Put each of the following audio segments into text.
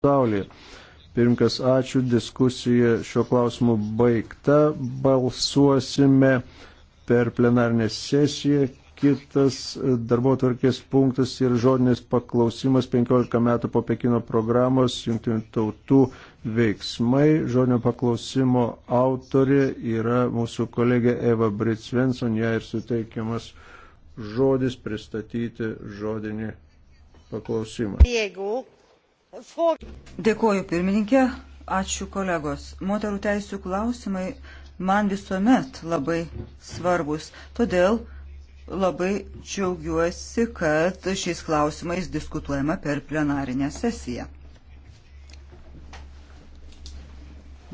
pasaulyje. Pirmkas, ačiū, diskusija šiuo klausimu baigta, balsuosime per plenarnę sesiją. Kitas darbo tvarkės punktas ir žodinis paklausimas 15 metų po Pekino programos Junktinių tautų veiksmai. Žodinio paklausimo autorė yra mūsų kolegė Eva Britsvenson, ją ir suteikiamas žodis pristatyti žodinį paklausimą. Jeigu Dėkoju pirmininkė, ačiū kolegos. Moterų teisų klausimai man visuomet labai svarbus. Todėl labai džiaugiuosi, kad šiais klausimais diskutuojama per plenarinę sesiją.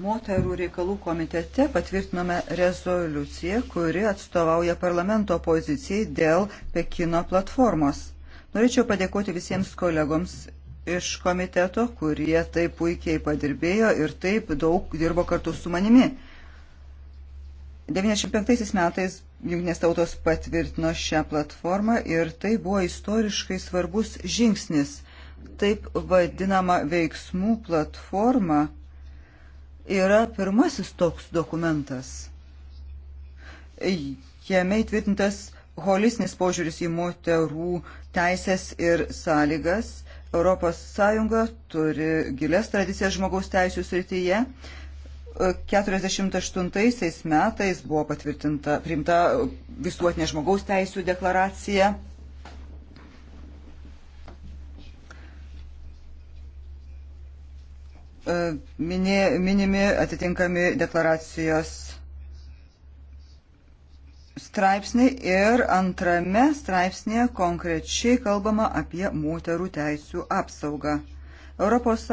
Moterų reikalų komitete patvirtinome rezoliuciją, kuri atstovauja parlamento pozicijai dėl Pekino platformos. Norėčiau padėkoti visiems kolegoms iš komiteto, kurie taip puikiai padirbėjo ir taip daug dirbo kartu su manimi. 95 metais Junktinės tautos patvirtino šią platformą ir tai buvo istoriškai svarbus žingsnis. Taip vadinama veiksmų platforma yra pirmasis toks dokumentas. Jame įtvirtintas holistinis požiūris į moterų teisės ir sąlygas ES turi gilias tradicijas žmogaus teisų srityje. 48 metais buvo patvirtinta, priimta visuotinė žmogaus teisų deklaracija. E, mini, minimi atitinkami deklaracijos straipsnį ir antrame straipsnėje konkrečiai kalbama apie moterų teisų apsaugą. ES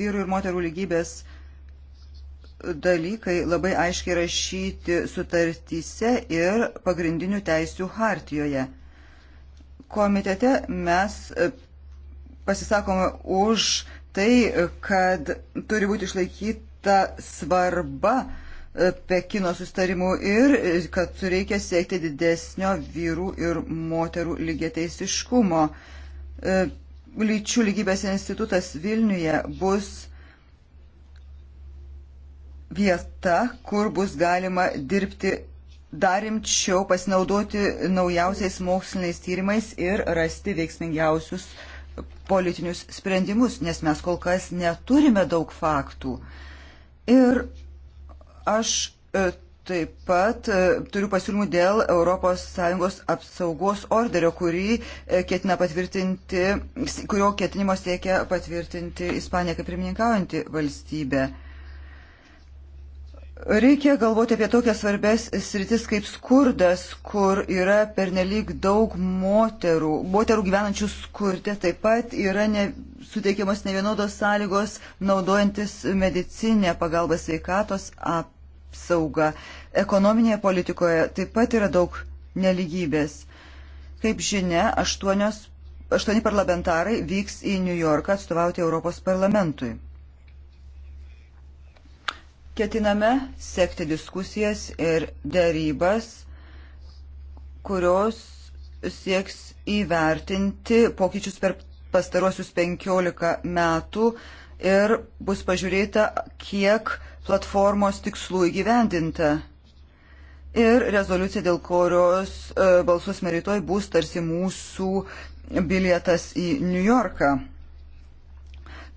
vyrų ir moterų lygybės dalykai labai aiškiai rašyti sutartyse ir pagrindinių teisių hartijoje. Komitete mes e, pasisakome už tai, kad turi būti išlaikyta svarba uh, Pekino sustarimų ir kad reikia siekti didesnio vyrų ir moterų lygiateisiškumo. E, lyčių lygybės institutas Vilniuje bus vieta, kur bus galima dirbti dar rimčiau, pasinaudoti naujausiais moksliniais tyrimais ir rasti veiksmingiausius politinius sprendimus, nes mes kol kas neturime daug faktų. Ir Aš e, taip pat e, turiu pasiūlymų dėl ES apsaugos orderio, kurį e, ketina patvirtinti, kurio ketinimo siekia patvirtinti Ispanija kaip pirmininkaujanti valstybė. Reikia galvoti apie tokias svarbės sritis kaip skurdas, kur yra pernelyg daug moterų. Moterų gyvenančių skurde taip pat yra ne, suteikiamas nevienodos sąlygos naudojantis medicinę pagalbą sveikatos apsaugą apsaugą. Ekonominėje politikoje taip pat yra daug neligybės. Kaip žinia, aštuonios, aštuoni parlamentarai vyks į New Yorką atstovauti Europos parlamentui. Ketiname sekti diskusijas ir dėrybas, kurios sieks įvertinti pokyčius per pastaruosius 15 metų ir bus pažiūrėta, kiek platformos tikslų įgyvendinta. Ir rezoliucija, dėl kurios e, balsus meritoj bus tarsi mūsų bilietas į New Yorką.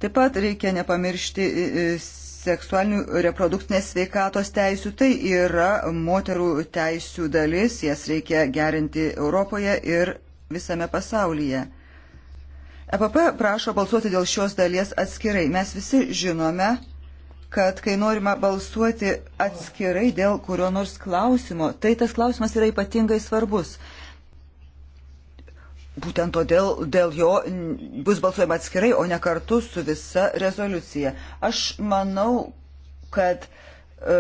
Taip pat reikia nepamiršti e, e, seksualinių reprodukcinės sveikatos teisių. Tai yra moterų teisių dalis, jas reikia gerinti Europoje ir visame pasaulyje. EPP prašo balsuoti dėl šios dalies atskirai. Mes visi žinome, kad kai norima balsuoti atskirai dėl kurio nors klausimo, tai tas klausimas yra ypatingai svarbus. Būtent todėl dėl jo bus balsuojama atskirai, o ne kartu su visa rezoliucija. Aš manau, kad e,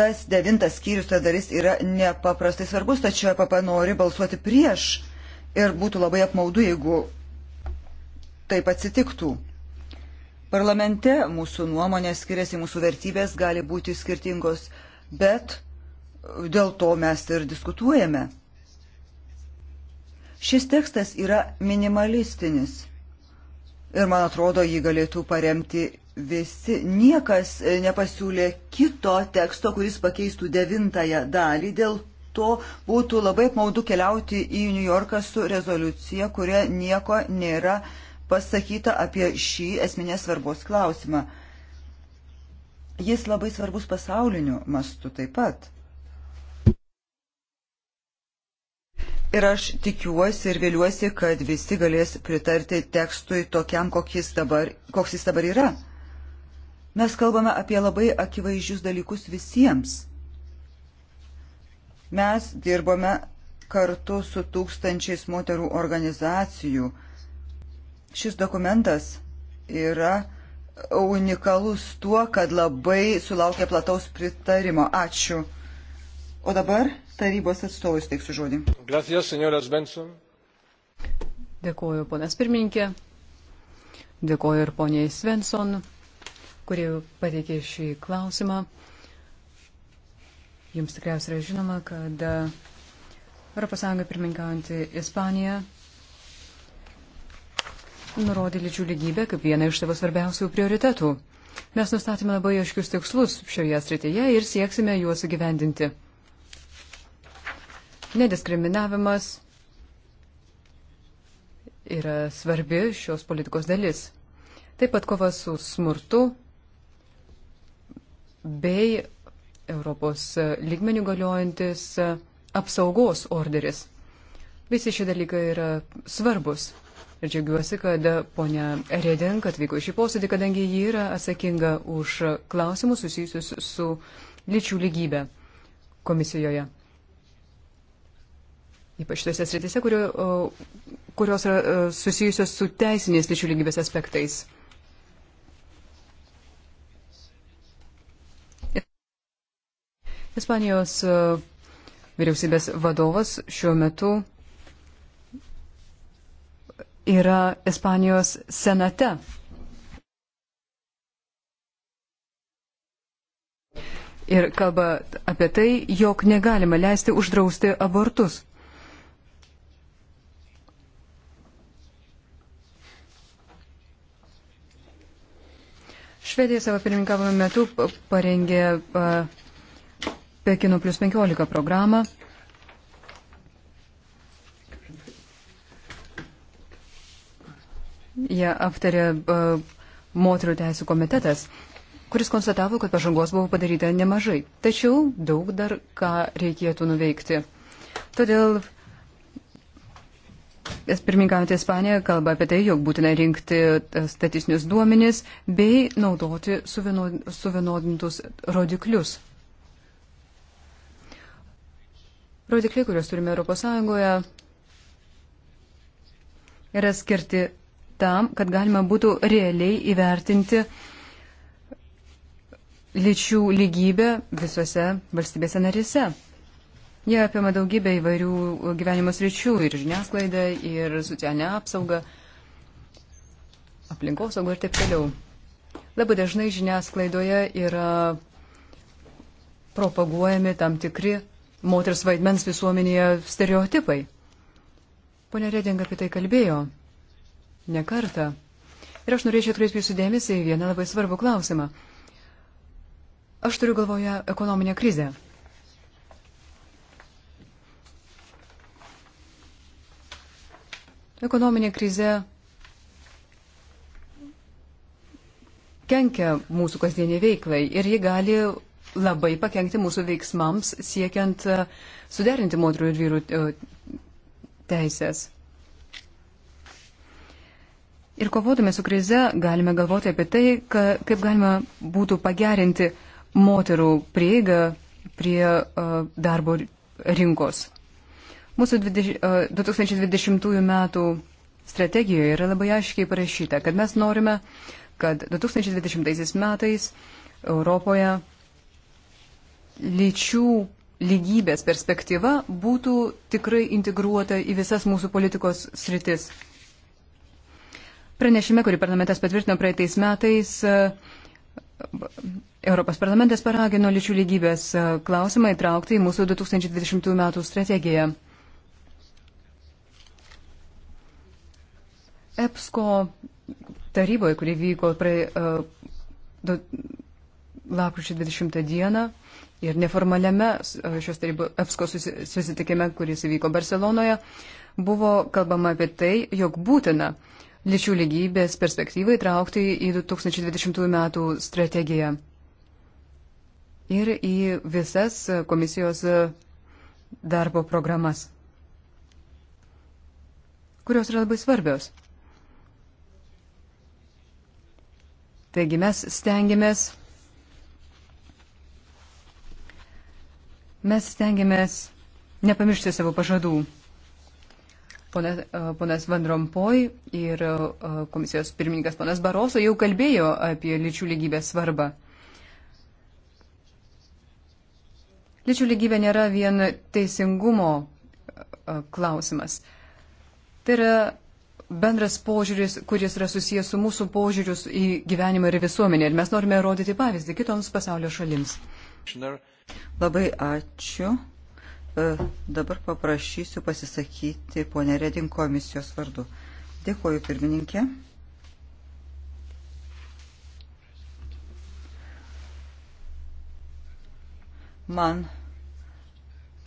tas devintas skyrius, ta dalis yra nepaprastai svarbus, tačiau papa nori balsuoti prieš ir būtų labai apmaudu, jeigu taip atsitiktų. Parlamente mūsų nuomonės skiriasi, mūsų vertybės gali būti skirtingos, bet dėl to mes ir diskutuojame. Šis tekstas yra minimalistinis ir, man atrodo, jį galėtų paremti visi. Niekas nepasiūlė kito teksto, kuris pakeistų devintąją dalį, dėl to būtų labai apmaudu keliauti į New Yorką su rezoliucija, kuria nieko nėra pasakyta apie šį esminės svarbos klausimą. Jis labai svarbus pasauliniu mastu taip pat. Ir aš tikiuosi ir vėliuosi, kad visi galės pritarti tekstui tokiam, jis dabar, koks jis dabar yra. Mes kalbame apie labai akivaizdžius dalykus visiems. Mes dirbame kartu su tūkstančiais moterų organizacijų, Šis dokumentas yra unikalus tuo, kad labai sulaukė plataus pritarimo. Ačiū. O dabar tarybos atstovus teiksiu žodį. Gracias, senioras Benson. Dėkuoju, ponas pirmininkė. Dėkuoju ir poniai Svensson, kurie pateikė šį klausimą. Jums tikriausiai yra žinoma, kad ES pirmininkaujantį Ispaniją nurodė lyčių lygybę kaip vieną iš savo svarbiausių prioritetų. Mes nustatėme labai aiškius tikslus šioje srityje ir sieksime juos įgyvendinti. Nediskriminavimas yra svarbi šios politikos dalis. Taip pat kova su smurtu bei Europos lygmenių galiojantis apsaugos orderis. Visi šie dalykai yra svarbus. Ir džiaugiuosi, kad ponia Redink atvyko į šį posėdį, kadangi ji yra atsakinga už klausimus susijusius su lyčių lygybė komisijoje. Ypač tose sritise, kurio, kurios yra susijusios su teisinės lyčių lygybės aspektais. Ispanijos vyriausybės vadovas šiuo metu yra Ispanijos senate. Ir kalba apie tai, jog negalima leisti uždrausti abortus. Švedija savo pirmininkavimo metu parengė Pekino plus 15 programą ją aptarė e, moterų teisų komitetas, kuris konstatavo, kad pažangos buvo padaryta nemažai, tačiau daug dar ką reikėtų nuveikti. Todėl Pirmininkaujant Ispanija kalba apie tai, jog būtina rinkti e, statistinius duomenis bei naudoti suvienodintus rodiklius. Rodikliai, kuriuos turime ES, yra skirti tam, kad galima būtų realiai įvertinti lyčių lygybę visose valstybėse narėse. Jie apima daugybę įvairių gyvenimo sričių ir žiniasklaidą, ir socialinę apsaugą, aplinkosaugą ir taip toliau. Labai dažnai žiniasklaidoje yra propaguojami tam tikri moters vaidmens visuomenėje stereotipai. Pone Reding apie tai kalbėjo nekartą. Ir aš norėčiau atkreipti jūsų dėmesį į vieną labai svarbų klausimą. Aš turiu galvoje ekonominę krizę. Ekonominė krizė kenkia mūsų kasdieniai veiklai ir ji gali labai pakengti mūsų veiksmams siekiant e, suderinti moterų ir vyrų e, teisės. Ir kovodami su krize galime galvoti apie tai, ka, kaip galima būtų pagerinti moterų prieigą prie uh, darbo rinkos. Mūsų 20, uh, 2020 metų strategijoje yra labai aiškiai parašyta, kad mes norime, kad 2020 metais Europoje lyčių lygybės perspektyva būtų tikrai integruota į visas mūsų politikos sritis. Pranešime, kurį parlamentas patvirtino praeitais metais, e, Europos parlamentas paragino lyčių lygybės e, klausimą įtraukti į mūsų 2020 m. strategiją. EPSCO taryboje, kuri vyko prie, uh, lapkričio 20 dieną ir neformaliame e, šios tarybos EPSCO susitikime, kuris įvyko Barcelonoje, buvo kalbama apie tai, jog būtina uh, lyčių lygybės perspektyvą įtraukti į 2020 metų strategiją ir į visas komisijos darbo programas, kurios yra labai svarbios. Taigi mes stengiamės, mes stengiamės nepamiršti savo pažadų. Ponas, e, ponas Van Rompoj ir e, komisijos pirmininkas ponas Baroso jau kalbėjo apie lyčių lygybės svarbą. Lyčių lygybė nėra vien teisingumo e, klausimas. Tai yra bendras požiūris, kuris yra susijęs su mūsų požiūrius į gyvenimą ir visuomenę. Ir mes norime rodyti pavyzdį kitoms pasaulio šalims. Labai ačiū. E, dabar paprašysiu pasisakyti ponę Redin komisijos vardu. Dėkuoju pirmininkė. Man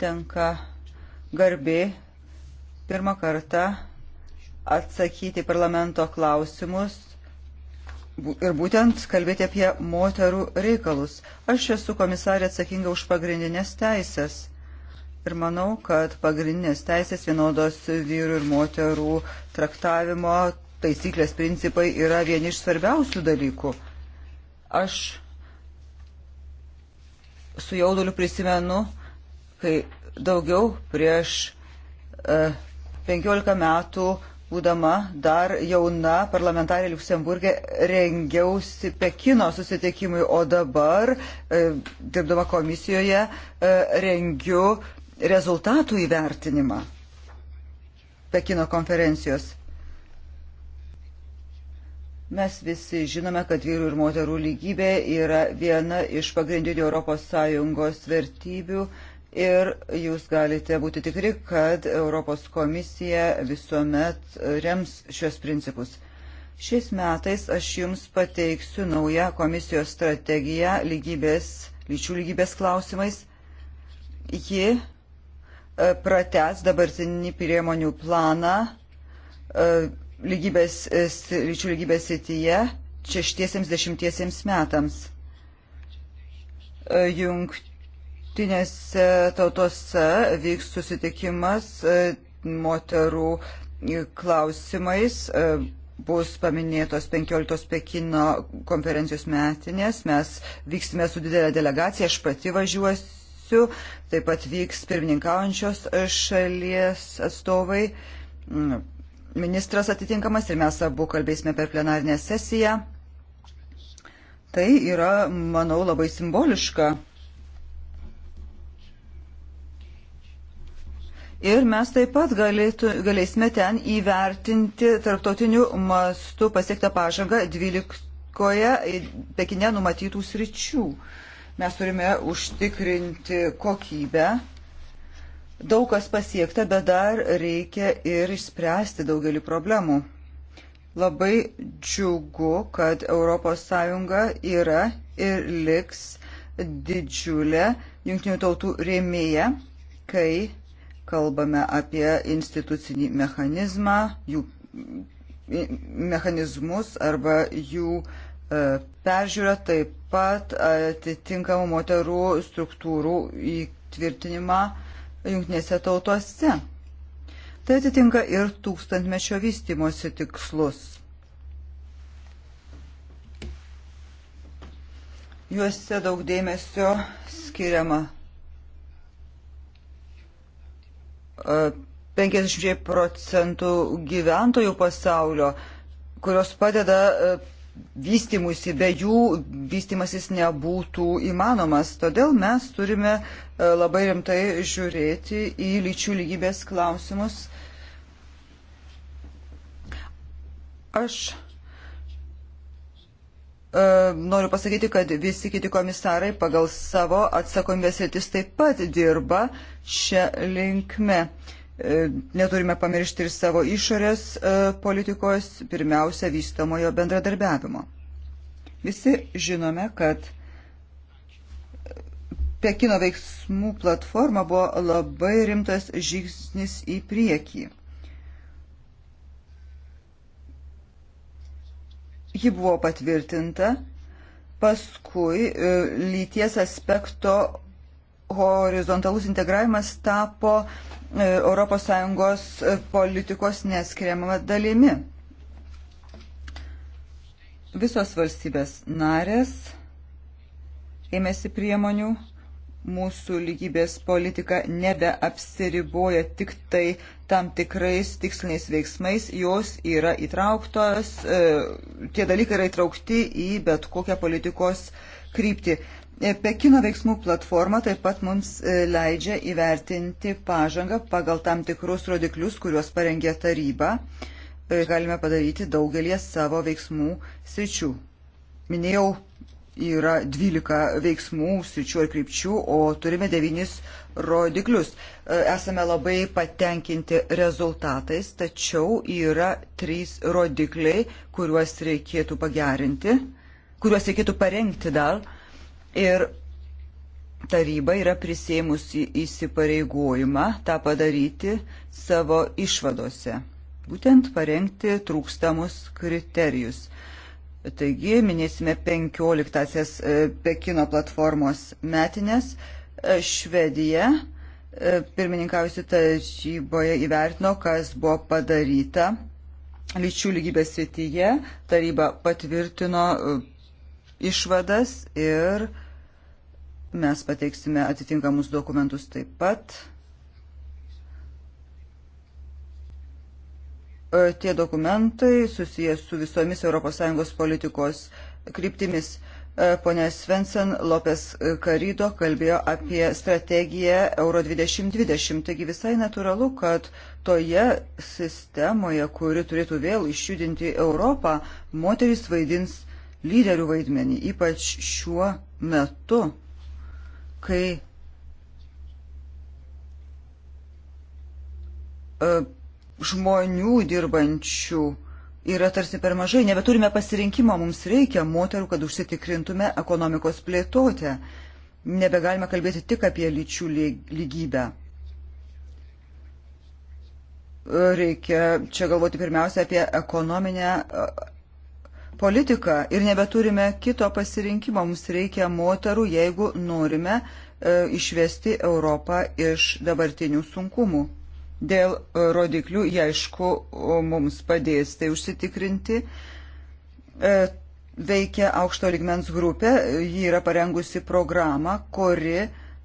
tenka garbė pirmą kartą atsakyti parlamento klausimus ir būtent kalbėti apie moterų reikalus. Aš esu komisarė atsakinga už pagrindinės teisės Ir manau, kad pagrindinės teisės vienodos vyrų ir moterų traktavimo taisyklės principai yra vieni iš svarbiausių dalykų. Aš su jauduliu prisimenu, kai daugiau prieš e, 15 metų būdama dar jauna parlamentarė Luksemburgė rengiausi Pekino susitikimui, o dabar, e, dirbdama komisijoje, e, rengiu rezultatų įvertinimą Pekino konferencijos. Mes visi žinome, kad vyrų ir moterų lygybė yra viena iš pagrindinių ES vertybių ir jūs galite būti tikri, kad Europos komisija visuomet rems šios principus. Šiais metais aš jums pateiksiu naują komisijos strategiją lygybės, lyčių lygybės klausimais. Ji E, prates dabartinį priemonių planą e, lygybės, e, lyčių lygybės srityje šeštiesiems dešimtiesiems metams. Jungtinėse tautose vyks susitikimas moterų klausimais bus paminėtos 15 Pekino konferencijos metinės. Mes vyksime su didelė delegacija, aš pati važiuosiu mėnesių. Taip pat vyks pirmininkaujančios šalies atstovai, ministras atitinkamas ir mes abu kalbėsime per plenarinę sesiją. Tai yra, manau, labai simboliška. Ir mes taip pat galėtų, galėsime ten įvertinti tarptautinių mastų pasiektą pažangą 12 Pekine numatytų sričių. Uh, Mes turime užtikrinti kokybę. Daug kas pasiekta, bet dar reikia ir išspręsti daugelį problemų. Labai džiugu, kad ES yra ir liks didžiulė jungtinių tautų rėmėja, kai kalbame apie institucinį mechanizmą, jų mechanizmus arba jų uh, E, peržiūrą, taip pat atitinkamų moterų struktūrų įtvirtinimą jungtinėse tautose. Tai atitinka ir tūkstantmečio vystimosi tikslus. Juose daug dėmesio skiriama 50 e, procentų gyventojų pasaulio, kurios padeda e, vystimusi, be jų vystimasis nebūtų įmanomas. Todėl mes turime e, labai rimtai žiūrėti į lyčių lygybės klausimus. Aš e, noriu pasakyti, kad visi kiti komisarai pagal savo atsakomybės rytis taip pat dirba šią linkmę. E, neturime pamiršti ir savo išorės e, politikos, pirmiausia, vystomojo bendradarbiavimo. Visi žinome, kad Pekino veiksmų platforma buvo labai rimtas žingsnis į priekį. Ji buvo patvirtinta, paskui e, lyties aspekto horizontalus integravimas tapo ES e, politikos neskiriamama dalimi. Visos valstybės narės ėmėsi priemonių mūsų lygybės politika nebeapsiriboja tik tai tam tikrais tiksliniais veiksmais, jos yra įtrauktos, e, tie dalykai yra įtraukti į bet kokią politikos kryptį. Pekino veiksmų platforma taip pat mums e, leidžia įvertinti pažangą pagal tam tikrus rodiklius, kuriuos parengė taryba. E, galime padaryti daugelį savo veiksmų sričių. Minėjau, yra 12 veiksmų sričių ar krypčių, o turime 9 rodiklius. E, esame labai patenkinti rezultatais, tačiau yra 3 rodikliai, kuriuos reikėtų pagerinti, kuriuos reikėtų parengti dar Ir taryba yra prisėmusi įsipareigojimą tą padaryti savo išvadose. Būtent parengti trūkstamus kriterijus. Taigi minėsime 15-asias e, Pekino platformos metinės. E, Švedija e, pirmininkausi taryboje įvertino, kas buvo padaryta lyčių lygybės srityje. Taryba patvirtino išvadas ir uh, Mes pateiksime atitinkamus dokumentus taip pat. E, tie dokumentai susijęs su visomis ES politikos kryptimis. E, Pone Svensen Lopes Karydo kalbėjo apie strategiją Euro 2020. Taigi visai natūralu, kad toje sistemoje, kuri turėtų vėl išjudinti Europą, moteris vaidins lyderių vaidmenį, ypač šiuo metu kai e, žmonių dirbančių yra tarsi per mažai, nebeturime pasirinkimo, mums reikia moterų, kad užsitikrintume ekonomikos plėtotę. Nebegalime kalbėti tik apie lyčių lygybę. E, reikia čia galvoti pirmiausia apie ekonominę politiką ir nebeturime kito pasirinkimo. Mums reikia moterų, jeigu norime e, išvesti Europą iš dabartinių sunkumų. Dėl e, rodiklių, jie aišku, mums padės tai užsitikrinti. E, veikia aukšto ligmens grupė, ji yra parengusi programą, kuri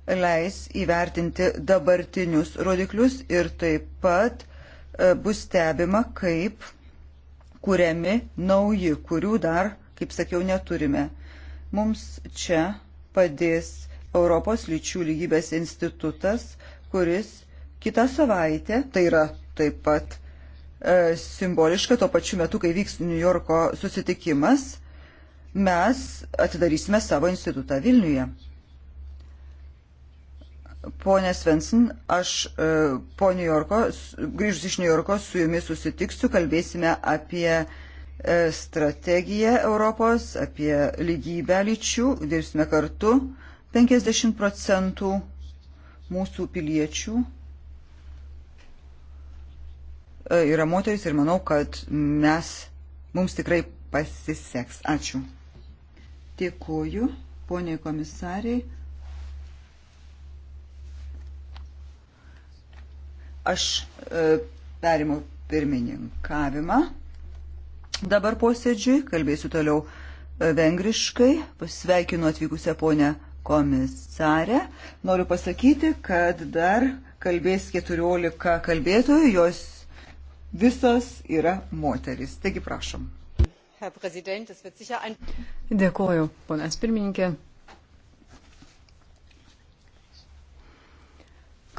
leis įvertinti dabartinius rodiklius ir taip pat e, bus stebima, kaip kuriami nauji, kurių dar, kaip sakiau, neturime. Mums čia padės Europos lyčių lygybės institutas, kuris kitą savaitę, tai yra taip pat e, simboliška, tuo pačiu metu, kai vyks New Yorko susitikimas, mes atidarysime savo institutą Vilniuje. Pone Svensson, aš e, po New Yorko, grįžus iš New Yorko, su jumis susitiksiu, kalbėsime apie e, strategiją Europos, apie lygybę lyčių, dirbsime kartu. 50 procentų mūsų piliečių e, yra moteris ir manau, kad mes, mums tikrai pasiseks. Ačiū. Dėkuoju, poniai komisariai. Aš e, perimu pirmininkavimą dabar posėdžiui, kalbėsiu toliau e, vengriškai, pasveikinu atvykusią ponę komisarę. Noriu pasakyti, kad dar kalbės 14 kalbėtojų, jos visos yra moteris. Taigi prašom. Dėkuoju, ponas pirmininkė.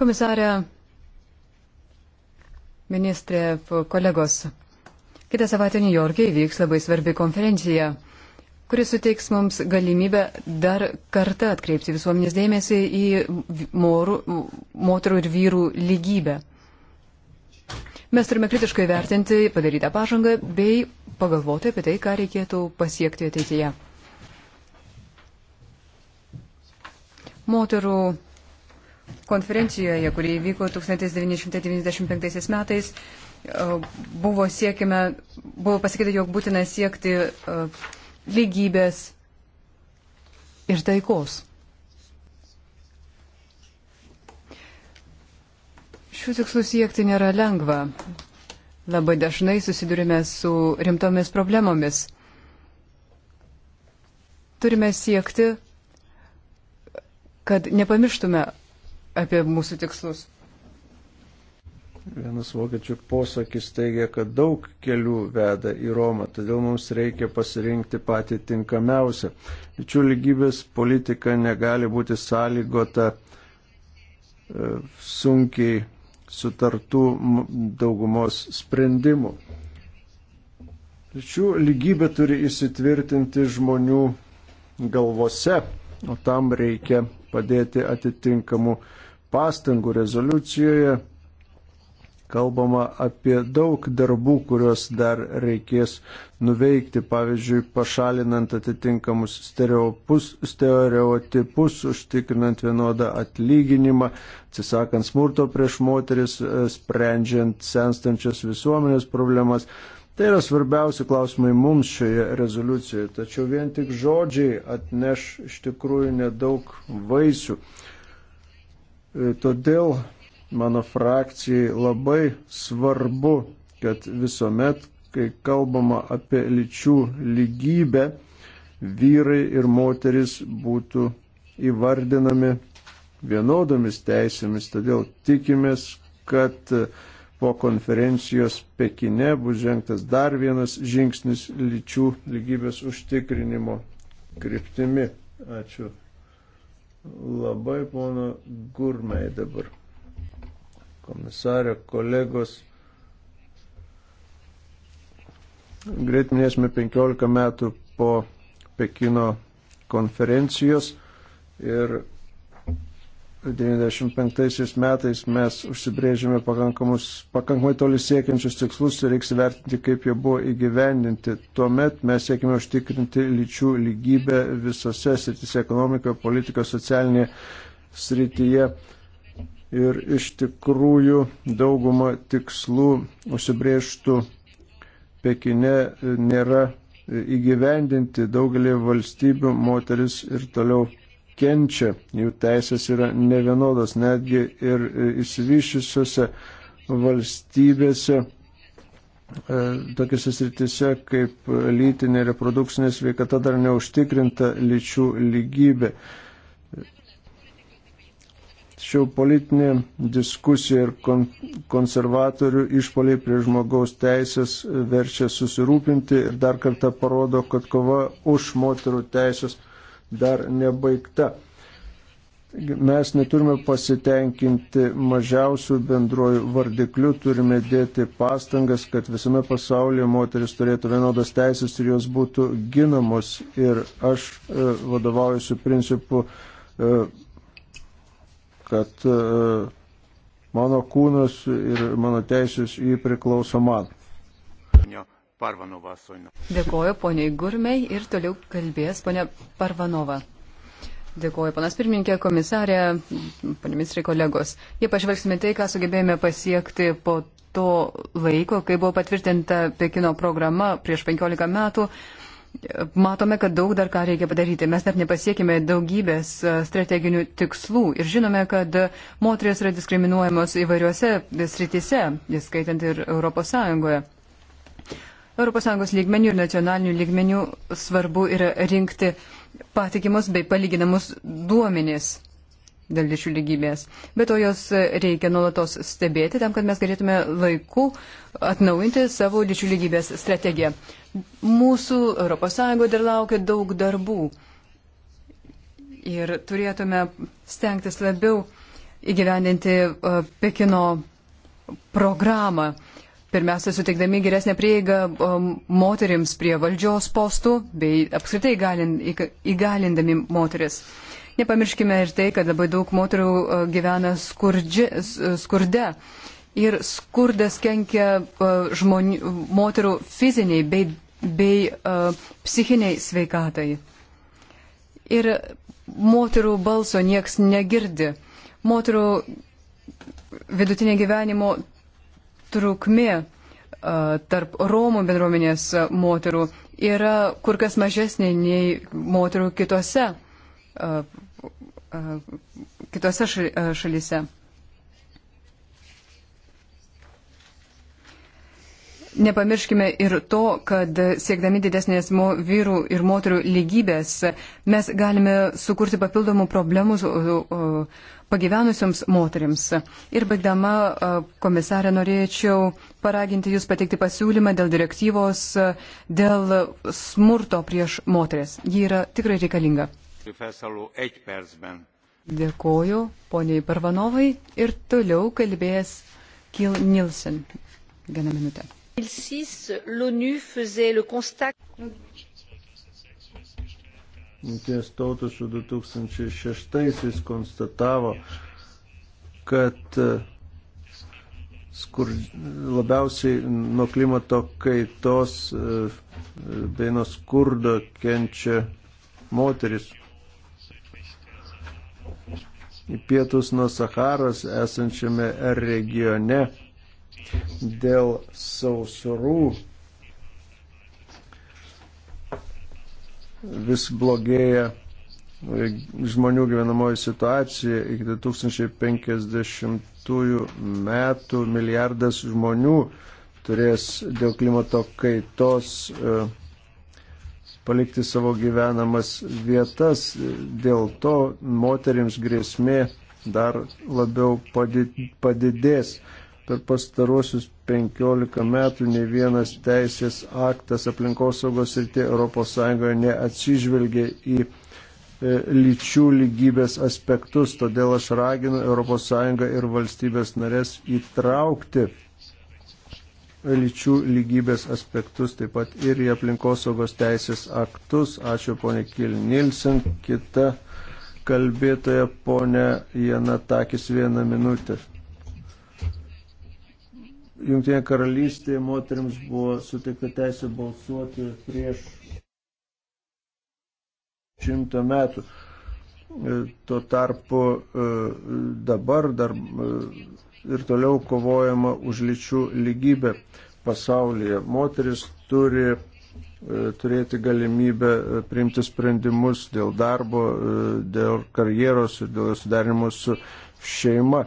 Komisarė Ministrė, kolegos, kitą savaitę New York'e įvyks labai svarbi konferencija, kuri suteiks mums galimybę dar kartą atkreipti visuomenės dėmesį į morų, moterų ir vyrų lygybę. Mes turime kritiškai vertinti padarytą pažangą bei pagalvoti apie tai, ką reikėtų pasiekti ateityje. Moterų konferencijoje, kurie įvyko 1995 metais, e, buvo, siekime, buvo pasakyta, jog būtina siekti e, lygybės ir taikos. Šių tikslų siekti nėra lengva. Labai dažnai susidurime su rimtomis problemomis. Turime siekti, kad nepamirštume apie mūsų tikslus. Vienas vokiečių posakis teigia, kad daug kelių veda į Romą, todėl mums reikia pasirinkti patį tinkamiausią. Lyčių lygybės politika negali būti sąlygota e, sunkiai sutartų daugumos sprendimų. Lyčių lygybė turi įsitvirtinti žmonių galvose, o tam reikia padėti atitinkamų pastangų rezoliucijoje. Kalbama apie daug darbų, kuriuos dar reikės nuveikti, pavyzdžiui, pašalinant atitinkamus stereotipus, užtikrinant vienodą atlyginimą, atsisakant smurto prieš moteris, e, sprendžiant senstančias visuomenės problemas. Tai yra svarbiausi klausimai mums šioje rezoliucijoje, tačiau vien tik žodžiai atneš iš tikrųjų nedaug vaisių. E, todėl mano frakcijai labai svarbu, kad visuomet, kai kalbama apie lyčių lygybę, vyrai ir moteris būtų įvardinami vienodomis teisėmis. Todėl tikimės, kad uh, po konferencijos Pekine bus žengtas dar vienas žingsnis lyčių lygybės užtikrinimo kryptimi. Ačiū. Labai pono gurmai dabar. Komisarė, kolegos. Greit minėsime 15 metų po Pekino konferencijos ir 95 metais mes užsibrėžėme pakankamai toli siekiančius tikslus ir reiks vertinti, kaip jie buvo įgyvendinti. Tuomet mes siekime užtikrinti lyčių lygybę visose sritise ekonomikoje, politikoje, socialinėje srityje. Ir iš tikrųjų dauguma tikslų užsibrėžtų Pekine nėra įgyvendinti daugelį valstybių moteris ir toliau kenčia, jų teisės yra nevienodos, netgi ir įsivyšiusiuose e, valstybėse, e, tokiuose sritise kaip lytinė reprodukcinė sveikata dar neužtikrinta lyčių lygybė. Tačiau politinė diskusija ir kon konservatorių išpoliai prie žmogaus teisės verčia susirūpinti ir dar kartą parodo, kad kova už moterų teisės dar nebaigta. Mes neturime pasitenkinti mažiausių bendrojų vardiklių, turime dėti pastangas, kad visame pasaulyje moteris turėtų vienodas teisės ir jos būtų ginamos. Ir aš e, vadovaujuosi principu, e, kad e, mano kūnas ir mano teisės jį priklauso man. Parvanova asszonynak. Dėkoju poniai Gurmei ir toliau kalbės ponia Parvanova. Dėkoju, panas pirmininkė, komisarė, panimisrai kolegos. Jei pažvelgsime tai, ką sugebėjome pasiekti po to laiko, kai buvo patvirtinta Pekino programa prieš 15 metų, matome, kad daug dar ką reikia padaryti. Mes dar nepasiekime daugybės strateginių tikslų ir žinome, kad moteris yra diskriminuojamos įvairiuose sritise, įskaitant ir ES. ES lygmenių ir nacionalinių lygmenių svarbu yra rinkti patikimus bei palyginamus duomenys dėl lyčių lygybės. Bet to jos reikia nuolatos stebėti tam, kad mes galėtume laiku atnaujinti savo lyčių lygybės strategiją. Mūsų ES dar laukia daug darbų ir turėtume stengtis labiau įgyvendinti e, Pekino programą, pirmiausia, suteikdami geresnę prieigą moteriams prie valdžios postų bei apskritai įgalindami moteris. Nepamirškime ir tai, kad labai daug moterų gyvena skurdži, skurde. Ir skurdas kenkia žmonių, moterų fiziniai bei, bei uh, psichiniai sveikatai. Ir moterų balso nieks negirdi. Moterų vidutinė gyvenimo trukmė tarp Romų bendruomenės moterų yra kur kas mažesnė nei moterų kitose, kitose šalyse. Nepamirškime ir to, kad siekdami didesnės mo, vyrų ir moterų lygybės mes galime sukurti papildomų problemų. Uh, uh, pagyvenusioms moteriams. Ir baigdama, komisarė, norėčiau paraginti Jūs pateikti pasiūlymą dėl direktyvos dėl smurto prieš moteris. Ji yra tikrai reikalinga. Dėkoju poniai Parvanovai ir toliau kalbės Kil Nilsen. Vieną minutę. 2006, l'ONU faisait le constat. Jungtinės tautos jau 2006 konstatavo, kad e, skur, labiausiai nuo klimato kaitos e, bei nuo skurdo kenčia moteris. Į pietus nuo Saharos esančiame regione dėl sausurų vis blogėja žmonių gyvenamoji situacija. Iki 2050 metų milijardas žmonių turės dėl klimato kaitos e, palikti savo gyvenamas vietas. Dėl to moteriams grėsmė dar labiau padidės. Per pastaruosius 15 metų ne vienas teisės aktas aplinkosaugos ir tie ES neatsižvelgia į e, lyčių lygybės aspektus. Todėl aš raginu ES ir valstybės narės įtraukti lyčių lygybės aspektus, taip pat ir į aplinkosaugos teisės aktus. Ačiū ponė Kil Nilsen. Kita kalbėtoja ponė Jana Takis vieną minutę. Junktinėje karalystėje moteriams buvo suteikta teisė balsuoti prieš šimtą metų. E, tuo tarpu e, dabar dar e, ir toliau kovojama už lyčių lygybę pasaulyje. Moteris turi turėti galimybę priimti sprendimus dėl darbo, dėl karjeros ir dėl sudarimo su šeima.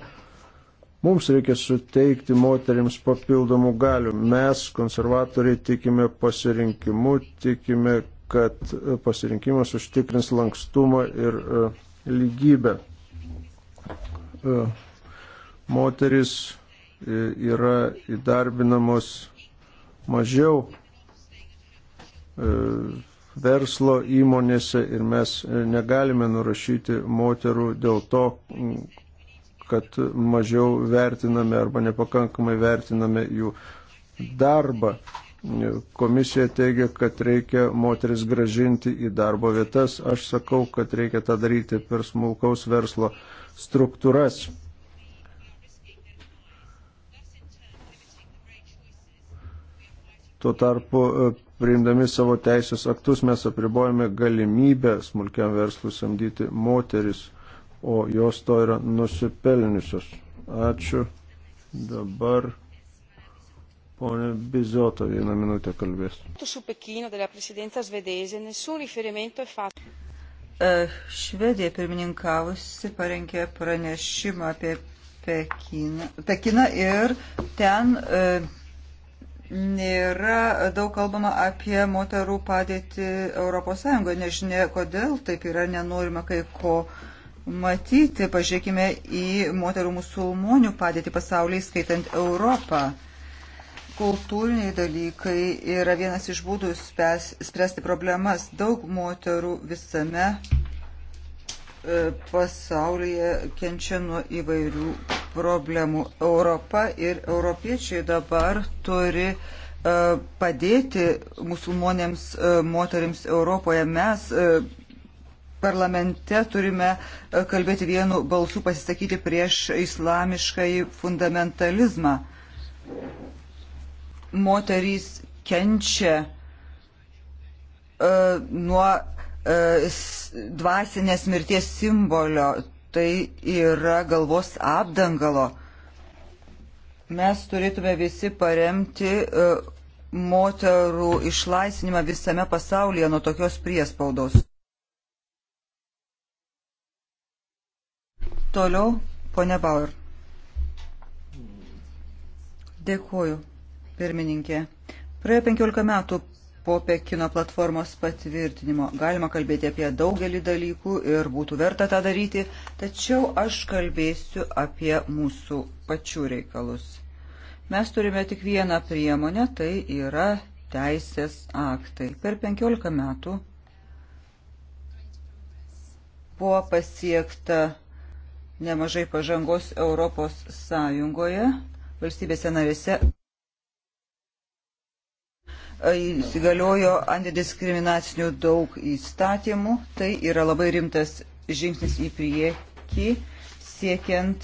Mums reikia suteikti moteriams papildomų galių. Mes, konservatoriai, tikime pasirinkimu, tikime, kad e, pasirinkimas užtikrins lankstumą ir e, lygybę. E, moteris yra įdarbinamos mažiau verslo įmonėse ir mes negalime nurašyti moterų dėl to, kad mažiau vertiname arba nepakankamai vertiname jų darbą. Komisija teigia, kad reikia moteris gražinti į darbo vietas. Aš sakau, kad reikia tą daryti per smulkaus verslo struktūras. Tuo tarpu, e, priimdami savo teisės aktus, mes apribojame galimybę smulkiam verslui samdyti moteris o jos to yra nusipelniusios. Ačiū. Dabar ponė Bizoto vieną minutę kalbės. E, Švedija pirmininkavusi parengė pranešimą apie Pekiną, Pekiną ir ten e, nėra daug kalbama apie moterų padėtį ES. Nežinia, kodėl taip yra, nenorima kai ko e, matyti. Pažiūrėkime į moterų musulmonių padėtį pasaulyje, skaitant Europą. Kultūriniai dalykai yra vienas iš būdų spes, spręsti problemas. Daug moterų visame e, pasaulyje kenčia nuo įvairių problemų. Europa ir europiečiai dabar turi e, padėti musulmonėms e, moteriams Europoje. Mes parlamente turime e, kalbėti vienu balsu, pasisakyti prieš islamiškai fundamentalizmą. Moterys kenčia uh, nuo uh, dvasinės mirties simbolio, tai yra galvos apdangalo. Mes turėtume visi paremti uh, moterų išlaisvinimą visame pasaulyje nuo tokios priespaudos. Toliau, ponia Bauer. Dėkuoju, pirmininkė. Praėjo 15 metų po Pekino platformos patvirtinimo. Galima kalbėti apie daugelį dalykų ir būtų verta tą daryti, tačiau aš kalbėsiu apie mūsų pačių reikalus. Mes turime tik vieną priemonę, tai yra teisės aktai. Per 15 metų buvo pasiekta nemažai pažangos Europos Sąjungoje, valstybėse narėse. Įsigaliojo antidiskriminacinių daug įstatymų, tai yra labai rimtas žingsnis į priekį siekiant e,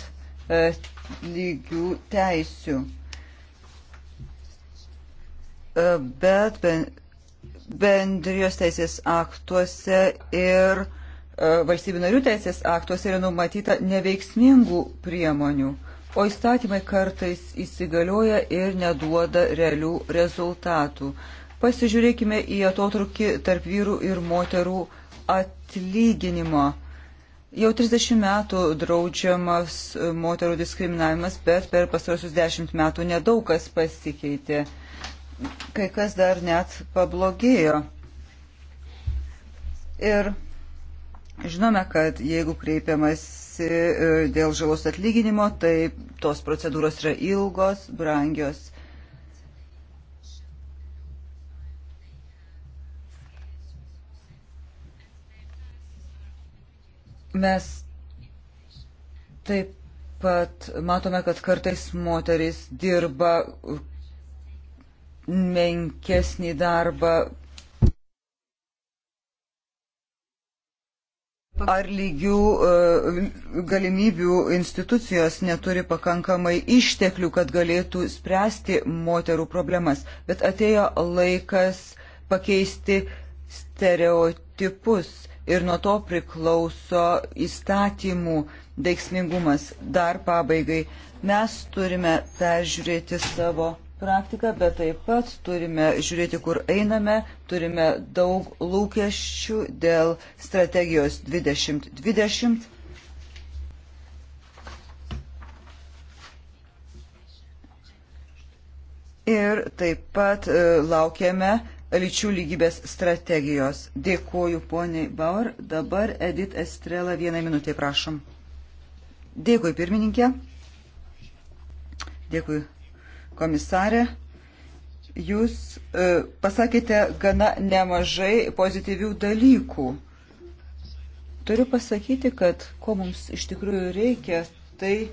lygių teisių. E, bet ben, bendrijos teisės aktuose ir e, valstybių narių teisės aktuose yra numatyta neveiksmingų priemonių, o įstatymai kartais įsigalioja ir neduoda realių rezultatų. Pasižiūrėkime į atotrukį tarp vyrų ir moterų atlyginimo. Jau 30 metų draudžiamas moterų diskriminavimas, bet per pastarosius 10 metų nedaug kas pasikeitė. Kai kas dar net pablogėjo. Ir Žinome, kad jeigu kreipiamasi e, dėl žalos atlyginimo, tai tos procedūros yra ilgos, brangios. Mes taip pat matome, kad kartais moteris dirba menkesnį darbą Ar lygių e, galimybių institucijos neturi pakankamai išteklių, kad galėtų spręsti moterų problemas, bet atėjo laikas pakeisti stereotipus ir nuo to priklauso įstatymų veiksmingumas. Dar pabaigai mes turime peržiūrėti savo praktiką, bet taip pat turime žiūrėti, kur einame, turime daug lūkesčių dėl strategijos 2020. Ir taip pat e, laukiame lyčių lygybės strategijos. Dėkuoju poniai Bauer. Dabar Edith Estrela vieną minutę, prašom. Dėkui pirmininkė. Dėkui komisarė. Jūs e, pasakėte gana nemažai pozityvių dalykų. Turiu pasakyti, kad ko mums iš tikrųjų reikia, tai e,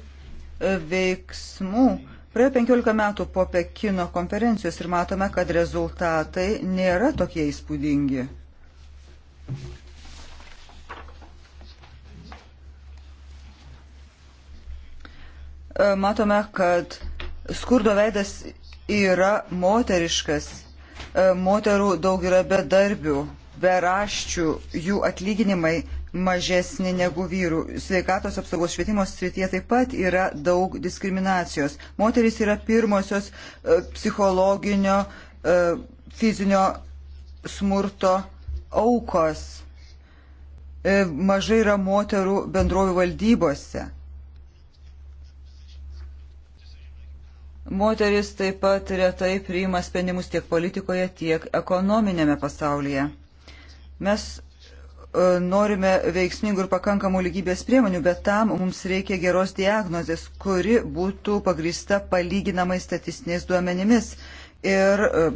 veiksmų. Praėjo 15 metų po Pekino konferencijos ir matome, kad rezultatai nėra tokie įspūdingi. E, matome, kad Skurdo veidas yra moteriškas. E, moterų daug yra bedarbių, beraščių, jų atlyginimai mažesni negu vyrų. Sveikatos apsaugos švietimo srityje taip pat yra daug diskriminacijos. Moterys yra pirmosios e, psichologinio, e, fizinio smurto aukos. Mažai yra moterų bendrovių valdybose. Moteris taip pat retai priima sprendimus tiek politikoje, tiek ekonominėme pasaulyje. Mes e, norime veiksmingų ir pakankamų lygybės priemonių, bet tam mums reikia geros diagnozės, kuri būtų pagrįsta palyginamai statistiniais duomenimis ir e,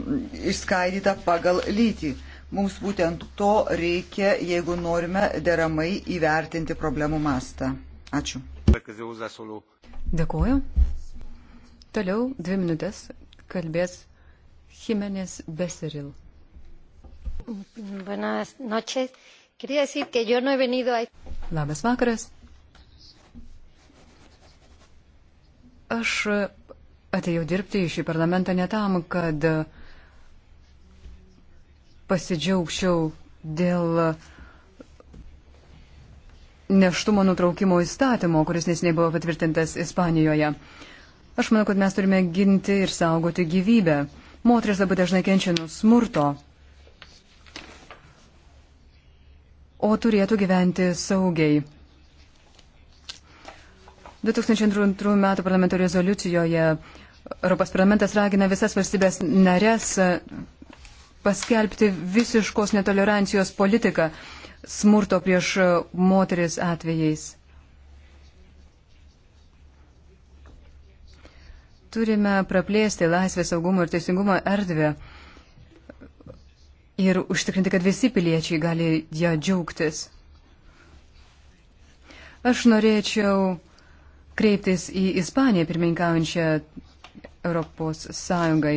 išskaidyta pagal lytį. Mums būtent to reikia, jeigu norime deramai įvertinti problemų mastą. Ačiū. Dėkuoju. Toliau dvi minutės kalbės Jimenez Beseril. Buenas noches. Quería decir que yo no he venido a... Labas vakaras. Aš atėjau dirbti į šį parlamentą ne tam, kad pasidžiaugčiau dėl neštumo nutraukimo įstatymo, kuris nesiniai buvo patvirtintas Ispanijoje. Uh, Aš manau, kad mes turime ginti ir saugoti gyvybę. Moteris labai dažnai kenčia nuo smurto, o turėtų gyventi saugiai. 2002 m. parlamento rezoliucijoje Europos parlamentas ragina visas valstybės narės paskelbti visiškos netolerancijos politiką smurto prieš moteris atvejais. turime praplėsti laisvę, saugumo ir teisingumo erdvę ir užtikrinti, kad visi piliečiai gali ją džiaugtis. Aš norėčiau kreiptis į Ispaniją pirmininkaujančią Europos Sąjungai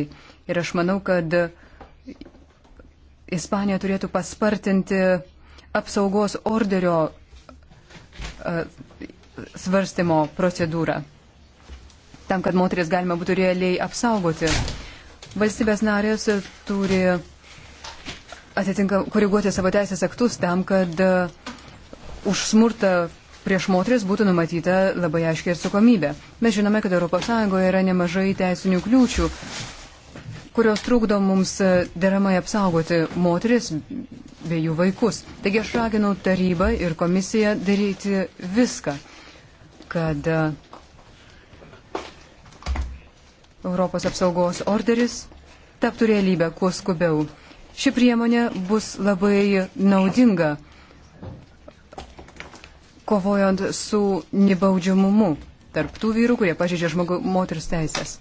ir aš manau, kad Ispanija turėtų paspartinti apsaugos orderio e, svarstymo procedūrą tam, kad moteris galima būtų realiai apsaugoti. Valstybės narės turi atitinka koreguoti savo teisės aktus tam, kad uh, už smurtą prieš moteris būtų numatyta labai aiškiai atsakomybė. Mes žinome, kad ES yra nemažai teisinių kliūčių, kurios trukdo mums uh, deramai apsaugoti moteris bei jų vaikus. Taigi aš raginau tarybą ir komisiją daryti viską, kad uh, Europos apsaugos orderis taptų realybę kuo skubiau. Ši priemonė bus labai naudinga kovojant su nebaudžiamumu tarptų vyrų, kurie pažeidžia žmogų moters teisės.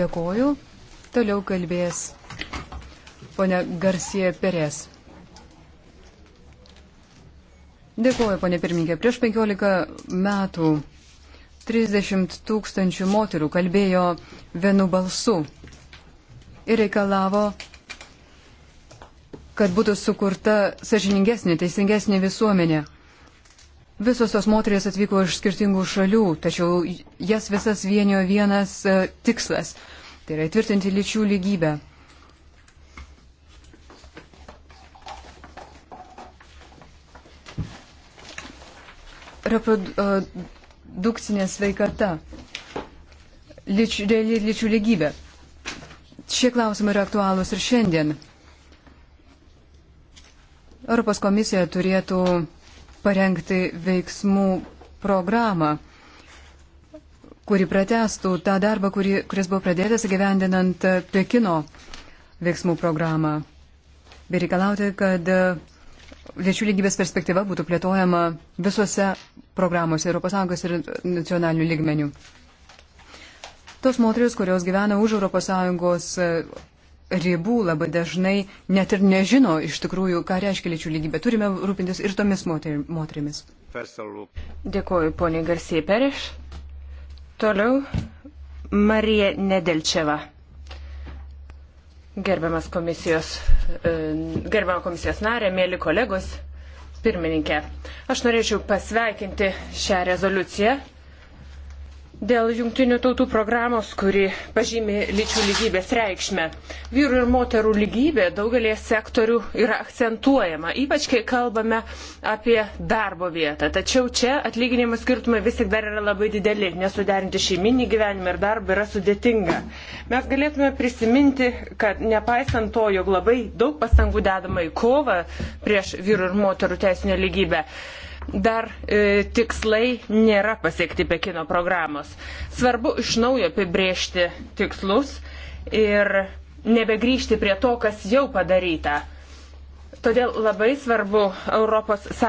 Dėkoju. Toliau kalbės ponia Garcija Perės. Dėkoju, ponia pirmininkė. Prieš 15 metų 30 tūkstančių moterų kalbėjo vienu balsu ir reikalavo, kad būtų sukurta sažiningesnė, teisingesnė visuomenė. Visos tos moteris atvyko iš skirtingų šalių, tačiau jas visas vienio vienas e, tikslas - tai yra įtvirtinti lyčių lygybę. Reprodu, uh, reprodukcinė sveikata, lyč, reali lyčių lygybė. Šie klausimai yra aktualūs ir šiandien. Europos komisija turėtų parengti veiksmų programą, kuri pratestų tą darbą, kuri, kuris buvo pradėtas gyvendinant Pekino veiksmų programą. Bei reikalauti, kad lyčių lygybės perspektyva būtų plėtojama visose programose ES ir nacionalinių lygmenių. Tos moteris, kurios gyvena už ES e, ribų, labai dažnai net ir nežino iš tikrųjų, ką reiškia lyčių lygybė. Turime rūpintis ir tomis moterimis. Dėkuoju, ponė Garsiai Periš. Toliau Marija Nedelčeva. Gerbiamas komisijos, e, gerbiamą komisijos narę, mėly kolegos pirmininkė. Aš norėčiau pasveikinti šią rezoliuciją dėl jungtinių tautų programos, kuri pažymi lyčių lygybės reikšmę. Vyrų ir moterų lygybė daugelie sektorių yra akcentuojama, ypač kai kalbame apie darbo vietą. Tačiau čia atlyginimų skirtumai vis tik dar yra labai dideli, nesuderinti šeiminį gyvenimą ir darbą yra sudėtinga. Mes galėtume prisiminti, kad nepaisant to, jog labai daug pasangų dedama į kovą prieš vyrų ir moterų teisinę lygybę, dar e, tikslai nėra pasiekti Pekino programos. Svarbu iš naujo apibriežti tikslus ir nebegrįžti prie to, kas jau padaryta. Todėl labai svarbu ES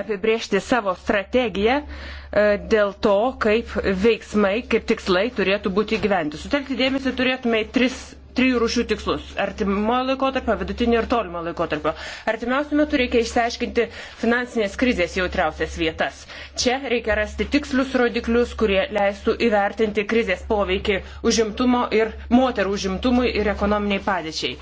apibriežti savo strategiją e, dėl to, kaip veiksmai, kaip tikslai turėtų būti gyventi. Sutelkti dėmesį turėtume į tris trijų rušių tikslus - artimo laikotarpio, vidutinio ir tolimo laikotarpio. Artimiausiu metu reikia išsiaiškinti finansinės krizės jautriausias vietas. Čia reikia rasti tikslius rodiklius, kurie leistų įvertinti krizės poveikį užimtumo ir moterų užimtumui ir ekonominiai padėčiai.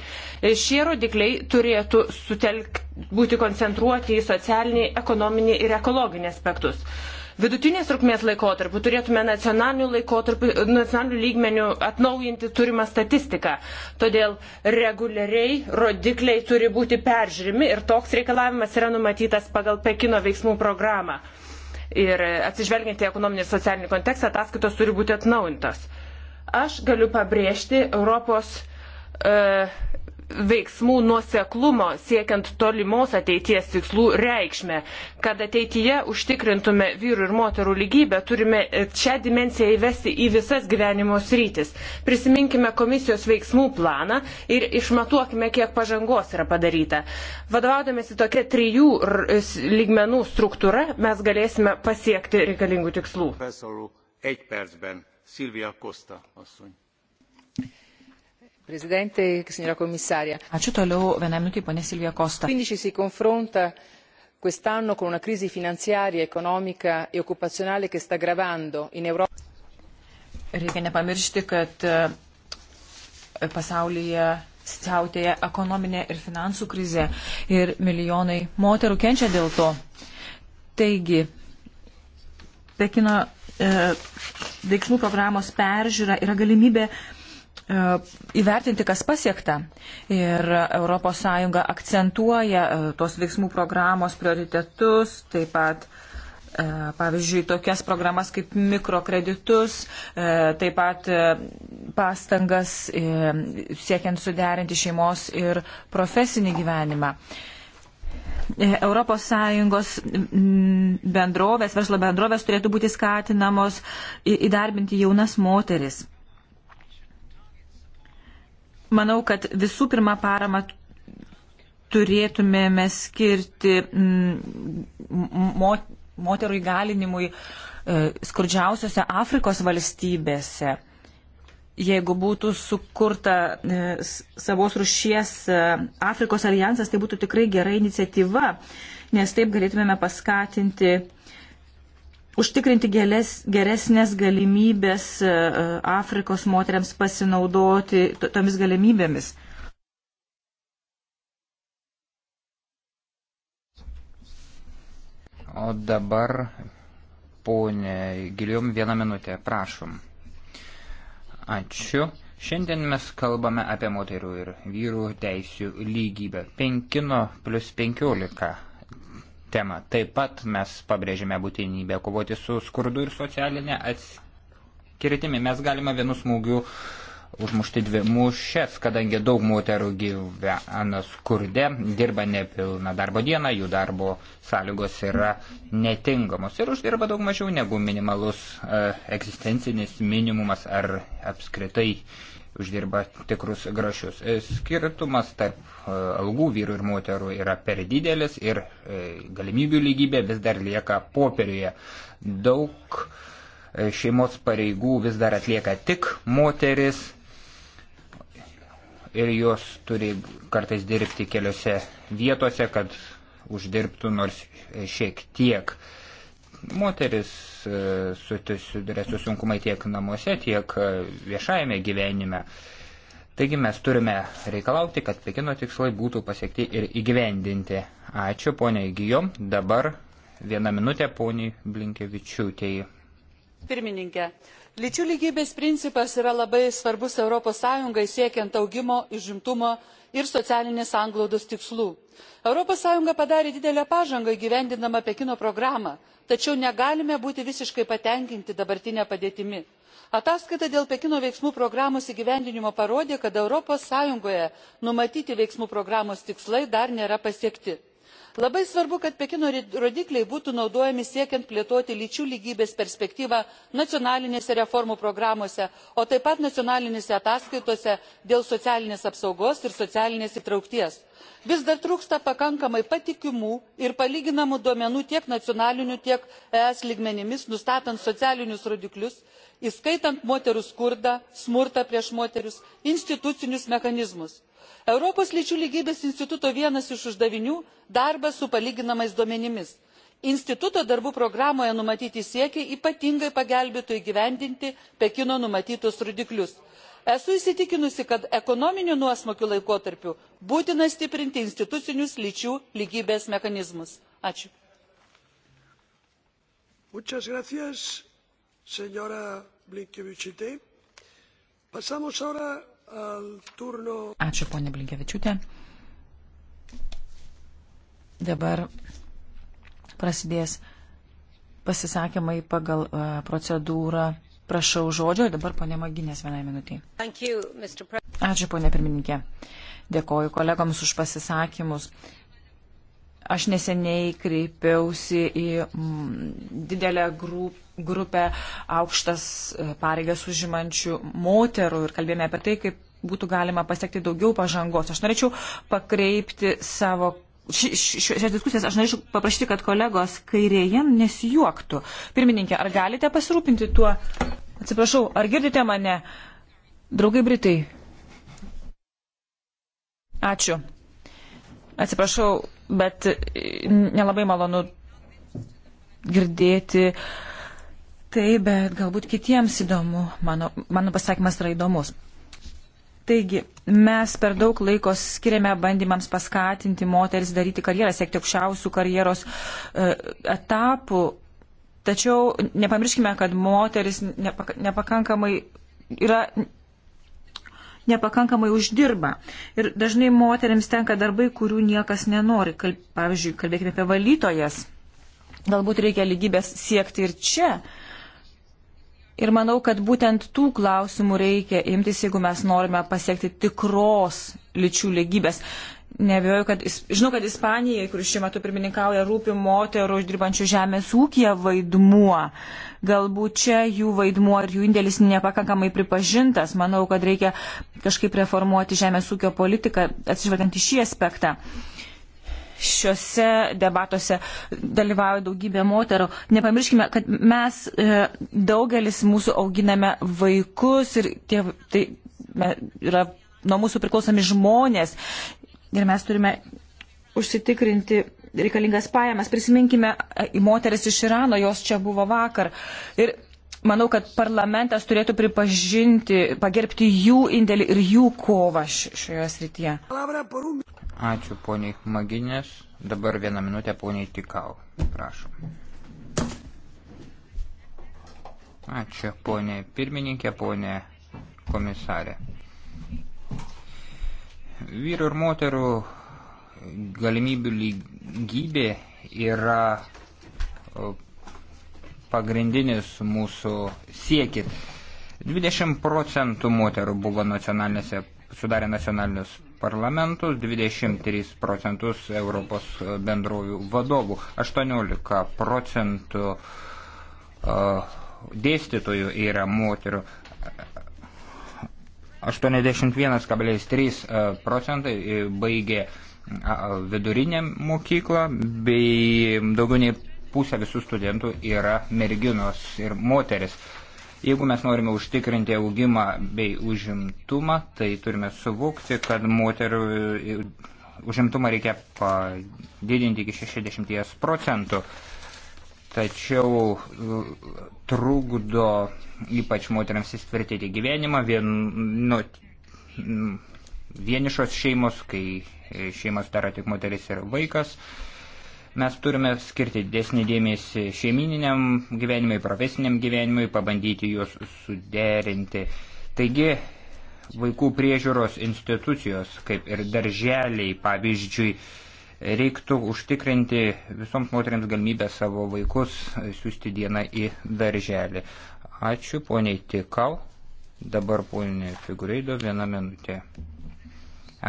E, šie rodikliai turėtų sutelk, būti koncentruoti į socialinį, ekonominį ir ekologinį aspektus vidutinės trukmės laikotarpiu turėtume nacionaliniu, nacionaliniu lygmeniu atnaujinti turimą statistiką. Todėl reguliariai rodikliai turi būti peržiūrimi ir toks reikalavimas yra numatytas pagal Pekino veiksmų programą. Ir atsižvelgiant į ekonominį ir socialinį kontekstą, ataskaitos turi būti atnaujintos. Aš galiu pabrėžti Europos e, veiksmų nuoseklumo siekiant tolimos ateities tikslų reikšmę. Kad ateityje užtikrintume vyrų ir moterų lygybę, turime šią dimenciją įvesti į visas gyvenimo sritis. Prisiminkime komisijos veiksmų planą ir išmatuokime, kiek pažangos yra padaryta. Vadovaudamėsi tokia trijų lygmenų struktūra, mes galėsime pasiekti reikalingų tikslų. Silvia Costa asszony. Prezidentė, signora komisarė. Ačiū toliau vienam minutį, ponė Silvija Kosta. 15 si confronta quest'anno con una crisi finanziaria, economica e occupazionale che sta gravando in Europa. Reikia nepamiršti, kad e, pasaulyje siautėja ekonominė ir finansų krizė ir milijonai moterų kenčia dėl to. Taigi, Pekino e, veiksmų programos peržiūra yra galimybė e, E, įvertinti, kas pasiekta. Ir ES akcentuoja e, tos veiksmų programos prioritetus, taip pat, e, pavyzdžiui, tokias programas kaip mikrokreditus, taip pat pastangas siekiant suderinti šeimos ir profesinį gyvenimą. ES bendrovės, verslo bendrovės turėtų būti skatinamos įdarbinti jaunas moteris manau, kad visų pirma paramą turėtumėme skirti mm, moterų įgalinimui e, skurdžiausiose Afrikos valstybėse. Jeigu būtų sukurta e, savos rušies e, Afrikos alijansas, tai būtų tikrai gera iniciatyva, nes taip galėtumėme paskatinti užtikrinti gelės, geresnės galimybės e, Afrikos moteriams pasinaudoti tomis galimybėmis. O dabar, ponė Gilium, vieną minutę, prašom. Ačiū. Šiandien mes kalbame apie moterų ir vyrų teisių lygybę. Penkino plus penkiolika temą. Taip pat mes pabrėžėme būtinybę kovoti su skurdu ir socialinė atskirtimi. Mes galime vienu smūgiu uh, užmušti dvi mušes, kadangi daug moterų gyvena skurde, dirba nepilną darbo dieną, jų darbo sąlygos yra netingamos ir uždirba daug mažiau negu minimalus e, egzistencinis minimumas ar apskritai uždirba tikrus grašius. E, skirtumas tarp e, algų vyrų ir moterų yra per didelis ir e, galimybių lygybė vis dar lieka popieriuje. Daug e, šeimos pareigų vis dar atlieka tik moteris, ir jos turi kartais dirbti keliose vietose, kad uždirbtų nors šiek tiek. Moteris e, susiduria su sunkumai tiek namuose, tiek e, viešajame gyvenime. Taigi mes turime reikalauti, kad Pekino tikslai būtų pasiekti ir įgyvendinti. Ačiū, poniai Gijom. Dabar vieną minutę poniai Blinkevičiūtėjai. Pirmininkė, lyčių lygybės principas yra labai svarbus europos sąjungai siekiant augimo užimtumo ir socialinės sanglaudos tikslų. europos sąjunga padarė didelę pažangą įgyvendindama pekino programą tačiau negalime būti visiškai patenkinti dabartine padėtimi. ataskaita dėl pekino veiksmų programos įgyvendinimo parodė kad europos sąjungoje numatyti veiksmų programos tikslai dar nėra pasiekti labai svarbu kad pekino rodikliai būtų naudojami siekiant plėtoti lyčių lygybės perspektyvą nacionalinėse reformų programose o taip pat nacionalinėse ataskaitose dėl socialinės apsaugos ir socialinės įtraukties. vis dar trūksta pakankamai patikimų ir palyginamų duomenų tiek nacionaliniu tiek es lygmenimis nustatant socialinius rodiklius įskaitant moterų skurdą smurtą prieš moteris institucinius mechanizmus europos lyčių lygybės instituto vienas iš uždavinių darbas su palyginamais duomenimis instituto darbų programoje numatyti siekiai ypatingai pagelbėtų įgyvendinti pekino numatytus rodiklius. esu įsitikinusi kad ekonominių nuosmukių laikotarpiu būtina stiprinti institucinius lyčių lygybės mechanizmus. ačiū. Gracias, pasamos ahora Ačiū, ponė Blinkevičiūtė. Dabar prasidės pasisakymai pagal e, procedūrą. Prašau žodžio, dabar ponė Maginės vienai minutiai. Ačiū, ponė pirmininkė. Dėkoju kolegoms už pasisakymus. Aš neseniai kreipiausi į mm, didelę grupę aukštas e, pareigas užimančių moterų ir kalbėjome apie tai, kaip būtų galima pasiekti daugiau pažangos. Aš norėčiau pakreipti savo šias diskusijas aš norėčiau paprašyti, kad kolegos kairėje nesijuoktų. Pirmininkė, ar galite pasirūpinti tuo? Atsiprašau, ar girdite mane? Draugai Britai. Ačiū. Atsiprašau, bet e, nelabai malonu girdėti tai, bet galbūt kitiems įdomu. Mano, mano pasakymas yra įdomus. Taigi, mes per daug laiko skiriame bandymams paskatinti moteris daryti karjerą, siekti aukščiausių karjeros uh, etapų. Tačiau nepamirškime, kad moteris nepakankamai yra nepakankamai uždirba. Ir dažnai moteriams tenka darbai, kurių niekas nenori. Kal, pavyzdžiui, kalbėkime apie valytojas. Galbūt reikia lygybės siekti ir čia. Ir manau, kad būtent tų klausimų reikia imtis, jeigu mes norime pasiekti tikros lyčių lygybės. Nebijoju, kad, žinau, kad Ispanijai, kur šiuo metu pirmininkauja, rūpi moterų uždirbančių žemės ūkiją vaidmuo. Galbūt čia jų vaidmuo ar jų indėlis nepakankamai pripažintas. Manau, kad reikia kažkaip reformuoti žemės ūkio politiką, atsižvelgiant į šį aspektą. Šiuose debatuose dalyvauja daugybė moterų. Nepamirškime, kad mes e, daugelis mūsų auginame vaikus ir tie, tai yra nuo mūsų priklausomi žmonės Ir mes turime užsitikrinti reikalingas pajamas. Prisiminkime e, moteris iš Irano, jos čia buvo vakar. Ir manau, kad parlamentas turėtų pripažinti, pagerbti jų indėlį ir jų kovą šioje srityje. Ačiū poniai Maginės. Dabar vieną minutę poniai Tikau. Prašom. Ačiū poniai pirmininkė, poniai komisarė. Vyru ir moterų galimybių lygybė yra pagrindinis mūsų siekis. 20 procentų moterų buvo nacionalinėse, sudarė nacionalinius parlamentus, 23 procentus Europos bendrovių vadovų, 18 procentų dėstytojų yra moterų. 81,3 e, procentai e, baigė vidurinę mokyklą, bei daugiau nei pusė visų studentų yra merginos ir moteris. Jeigu mes norime užtikrinti augimą bei užimtumą, tai turime suvokti, kad moterų e, užimtumą reikia padidinti iki 60 procentų. Tačiau trukdo ypač moteriams įsitvirtinti gyvenimą, vien, nu, vienišos šeimos, kai šeimas daro tik moteris ir vaikas. Mes turime skirti desnį dėmesį šeimininiam gyvenimui, profesiniam gyvenimui, pabandyti juos suderinti. Taigi, vaikų priežiūros institucijos, kaip ir darželiai, pavyzdžiui, reiktų užtikrinti visoms moteriams galimybę savo vaikus siūsti dieną į darželį. Ačiū poniai Tikau. Dabar ponė Figureido vieną minutę.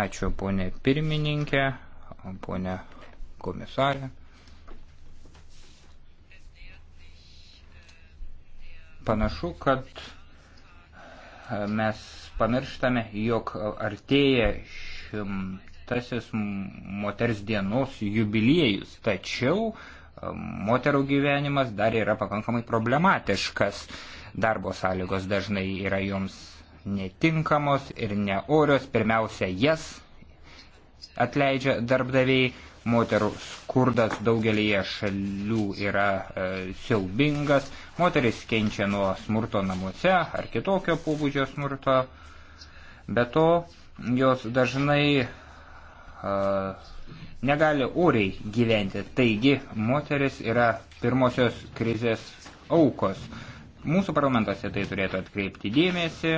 Ačiū ponė pirmininkė, ponė komisarė. Panašu, kad mes pamirštame, jog artėja šimtasis moters dienos jubiliejus, tačiau moterų gyvenimas dar yra pakankamai problematiškas darbo sąlygos dažnai yra joms netinkamos ir neorios, pirmiausia jas atleidžia darbdaviai, moterų skurdas daugelįje šalių yra e, siaubingas, moteris kenčia nuo smurto namuose ar kitokio pobūdžio smurto, be to jos dažnai e, negali oriai gyventi, taigi moteris yra pirmosios krizės aukos. Mūsų parlamentuose tai turėtų atkreipti dėmesį.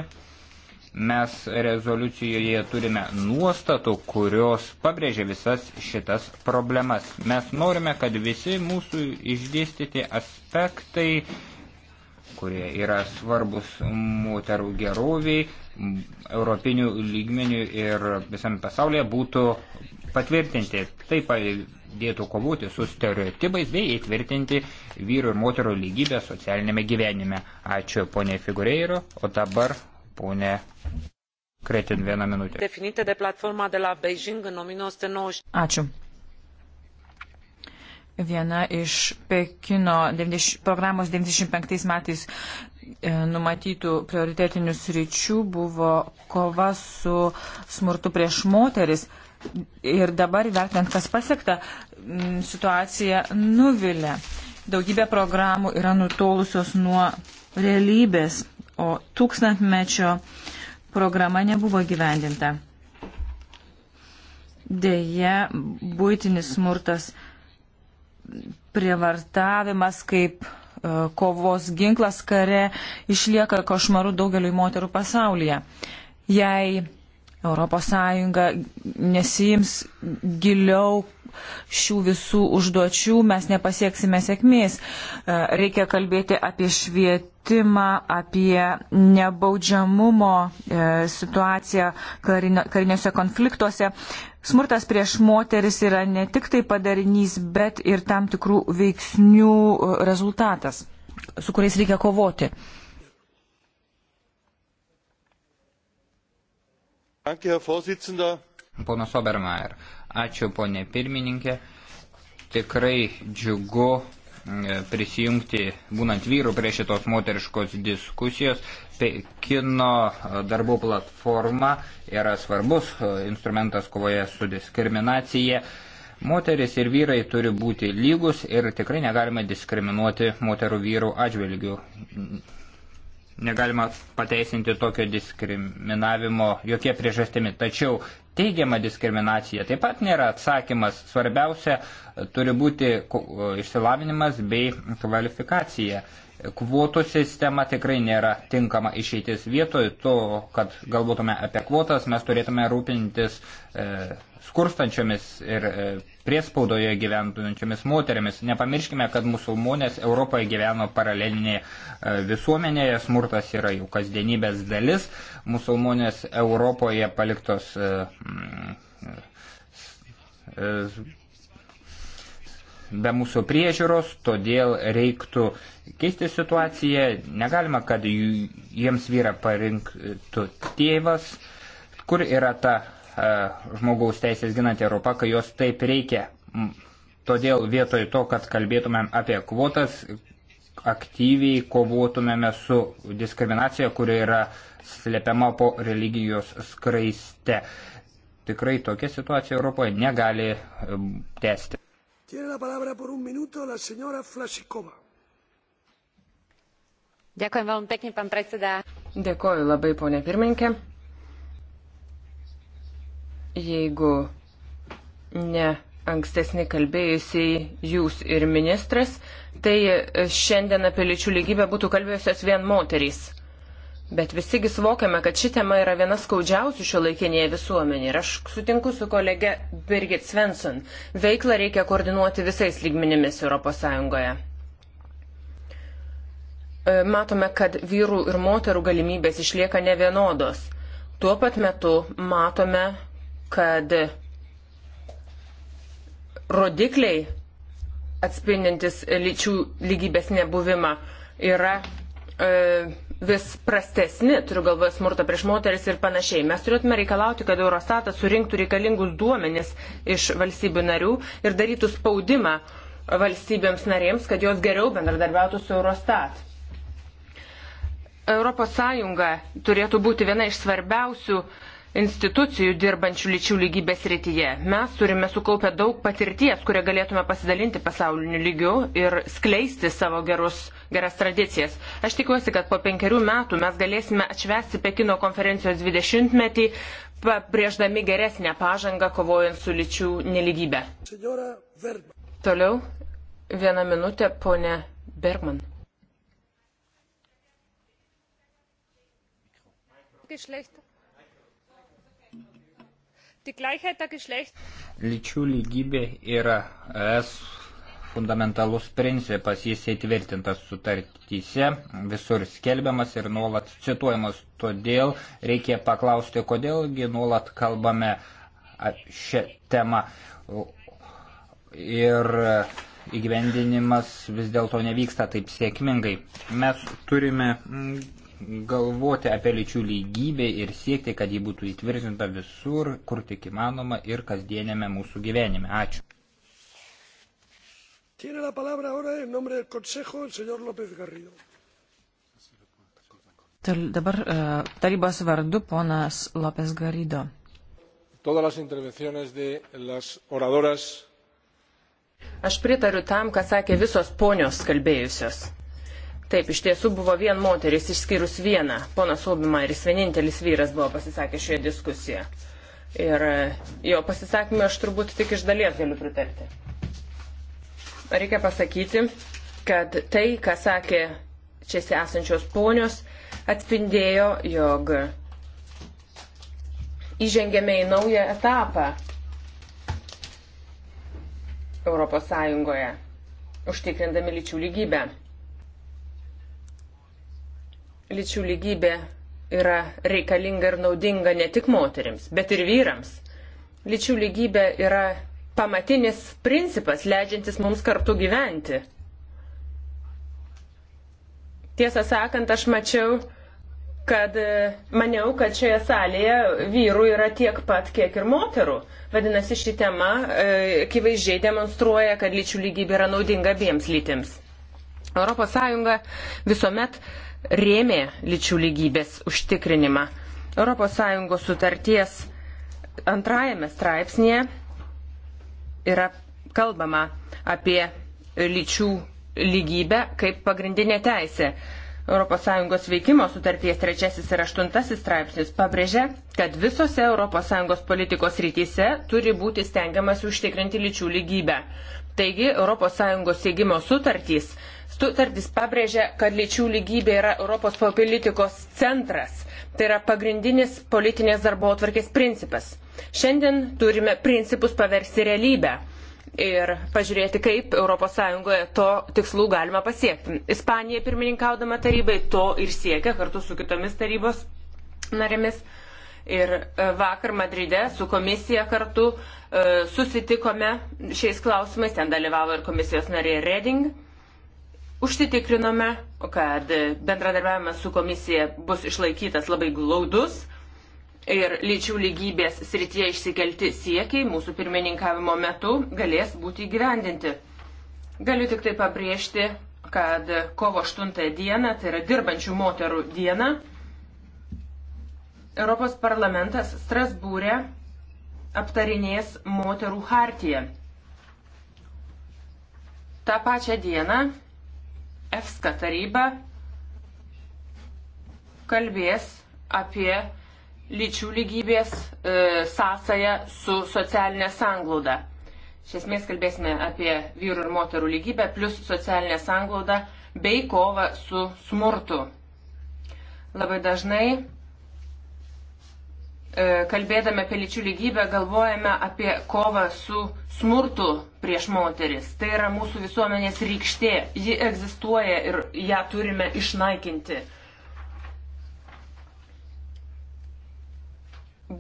Mes rezoliucijoje turime nuostatų, kurios pabrėžia visas šitas problemas. Mes norime, kad visi mūsų išdėstyti aspektai kurie yra svarbus moterų geroviai, europinių lygmenių ir visame pasaulyje būtų patvirtinti. Tai padėtų kovoti su stereotipais bei įtvirtinti vyrų ir moterų lygybę socialinėme gyvenime. Ačiū ponė Figureiro, o dabar ponė Kretin vieną minutę. Ačiū viena iš Pekino 90, programos 95 metais e, numatytų prioritetinių sričių buvo kova su smurtu prieš moteris. Ir dabar, vertinant, kas pasiekta, situacija nuvilia. Daugybė programų yra nutolusios nuo realybės, o tūkstantmečio programa nebuvo gyvendinta. Deja, būtinis smurtas prievartavimas kaip e, kovos ginklas kare išlieka košmaru daugeliui moterų pasaulyje. Jei ES nesijims giliau šių visų užduočių, mes nepasieksime sėkmės. E, reikia kalbėti apie švietimą, apie nebaudžiamumo e, situaciją karinėse konfliktuose. Smurtas prieš moteris yra ne tik tai padarinys, bet ir tam tikrų veiksnių e, rezultatas, su kuriais reikia kovoti. Ponas Obermeier, ačiū ponė pirmininkė. Tikrai džiugu e, prisijungti, būnant vyrų prie šitos moteriškos diskusijos. Pekino tai e, darbų platforma yra svarbus e, instrumentas kovoje su diskriminacija. Moteris ir vyrai turi būti lygus ir tikrai negalima diskriminuoti moterų vyrų atžvilgių. Negalima pateisinti tokio diskriminavimo jokie priežastimi. Tačiau teigiama diskriminacija taip pat nėra atsakymas. Svarbiausia turi būti e, išsilavinimas bei kvalifikacija. Kvotų sistema tikrai nėra tinkama išeitis vietoj to, kad galvotume apie kvotas, mes turėtume rūpintis e, skurstančiomis ir e, priespaudoje gyventuojančiomis moterimis. Nepamirškime, kad musulmonės Europoje gyveno paralelinėje e, visuomenėje, smurtas yra jų kasdienybės dalis, musulmonės Europoje paliktos. E, e, e be mūsų priežiūros, todėl reiktų keisti situaciją. Negalima, kad jiems vyra parinktų tėvas, kur yra ta e, žmogaus teisės ginanti Europa, kai jos taip reikia. Todėl vietoj to, kad kalbėtumėm apie kvotas, aktyviai kovotumėme su diskriminacija, kuri yra slepiama po religijos skraiste. Tikrai tokia situacija Europoje negali e, tęsti. Ďakujem veľmi pekne, pán predseda. Dėkoju labai, ponė pirmininkė. Jeigu ne ankstesni kalbėjusiai jūs ir ministras, tai šiandien apie lyčių lygybę būtų kalbėjusios vien moterys. Bet visigi suvokiame, kad ši tema yra viena skaudžiausių šio laikinėje visuomenėje. Ir aš sutinku su kolege Birgit Svensson. Veiklą reikia koordinuoti visais lygmenimis ES. E, matome, kad vyrų ir moterų galimybės išlieka nevienodos. Tuo pat metu matome, kad rodikliai atspindintis lyčių lygybės nebuvimą yra e, vis prastesni, turiu galvoje smurtą prieš moteris ir panašiai. Mes turėtume reikalauti, kad Eurostatas surinktų reikalingus duomenis iš valstybių narių ir darytų spaudimą valstybėms narėms, kad jos geriau bendradarbiautų su Eurostat. Europos Sąjunga turėtų būti viena iš svarbiausių uh, institucijų dirbančių lyčių lygybės rytyje. Mes turime sukaupę daug patirties, kurią galėtume pasidalinti pasauliniu lygiu ir skleisti savo gerus, geras tradicijas. Aš tikiuosi, kad po penkerių metų mes galėsime atšvesti Pekino konferencijos 20-metį, pabrėždami geresnę pažangą kovojant su lyčių neligybė. Toliau vieną minutę, ponė Bergman. Geschlechter. Lyčių lygybė yra es fundamentalus principas, jis įtvirtintas sutartyse, visur skelbiamas ir nuolat cituojamas. Todėl reikia paklausti, kodėlgi nuolat kalbame šią temą. Ir įgyvendinimas vis dėlto nevyksta taip sėkmingai. Mes turime mm, galvoti apie lyčių lygybę ir siekti, kad ji būtų įtvirtinta visur, kur tik įmanoma ir kasdienėme mūsų gyvenime. Ačiū. Tiene la palabra ahora en nombre del Consejo el señor López Garrido. Dabar eh, tarybos vardu ponas López Garrido. Todas las intervenciones de las oradoras. Aš pritariu tam, ką sakė visos ponios kalbėjusios. Taip, iš tiesų buvo vien moteris, išskyrus vieną. Ponas Obimairis, vienintelis vyras buvo pasisakęs šioje diskusijoje. Ir e, jo pasisakymą aš turbūt tik iš dalies galiu pritarti. Reikia pasakyti, kad tai, ką sakė čia esančios ponios, atspindėjo, jog įžengėme į naują etapą Europos Sąjungoje, užtikrindami lyčių lygybę lyčių lygybė yra reikalinga ir naudinga ne tik moteriams, bet ir vyrams. Lyčių lygybė yra pamatinis principas, leidžiantis mums kartu gyventi. Tiesą sakant, aš mačiau, kad e, maniau, kad šioje salėje vyrų yra tiek pat, kiek ir moterų. Vadinasi, ši tema e, akivaizdžiai e, demonstruoja, kad lyčių lygybė yra naudinga abiems lytims. ES visuomet rėmė lyčių lygybės užtikrinimą. ES sutarties antrajame straipsnėje yra kalbama apie lyčių lygybę kaip pagrindinė teisė. ES veikimo sutarties trečiasis ir aštuntasis straipsnis pabrėžia, kad visose ES politikos rytise turi būti stengiamas užtikrinti lyčių lygybę. Taigi ES įgymo sutartys, sutartys pabrėžia, kad lyčių lygybė yra Europos politikos centras. Tai yra pagrindinis politinės darbo atvarkės principas. Šiandien turime principus paversti realybę ir pažiūrėti, kaip ES to tikslų galima pasiekti. Ispanija pirmininkaudama tarybai to ir siekia kartu su kitomis tarybos narėmis. Ir e, vakar Madride su komisija kartu e, susitikome šiais klausimais, ten dalyvavo ir komisijos narė Reding. Užsitikrinome, kad bendradarbiavimas su komisija bus išlaikytas labai glaudus ir lyčių lygybės srityje išsikelti siekiai mūsų pirmininkavimo metu galės būti įgyvendinti. Galiu tik tai pabrėžti, kad kovo 8 dieną, tai yra dirbančių moterų diena, Europos parlamentas Strasbūrė aptarinės moterų hartiją. Ta pačią dieną EFSKA taryba kalbės apie lyčių lygybės e, sąsają su socialinė sanglauda. Iš esmės kalbėsime apie vyrų ir moterų lygybę plus socialinę sanglaudą bei kovą su smurtu. Labai dažnai E, kalbėdami apie lyčių lygybę, galvojame apie kovą su smurtu prieš moteris. Tai yra mūsų visuomenės rykštė. Ji egzistuoja ir ją turime išnaikinti.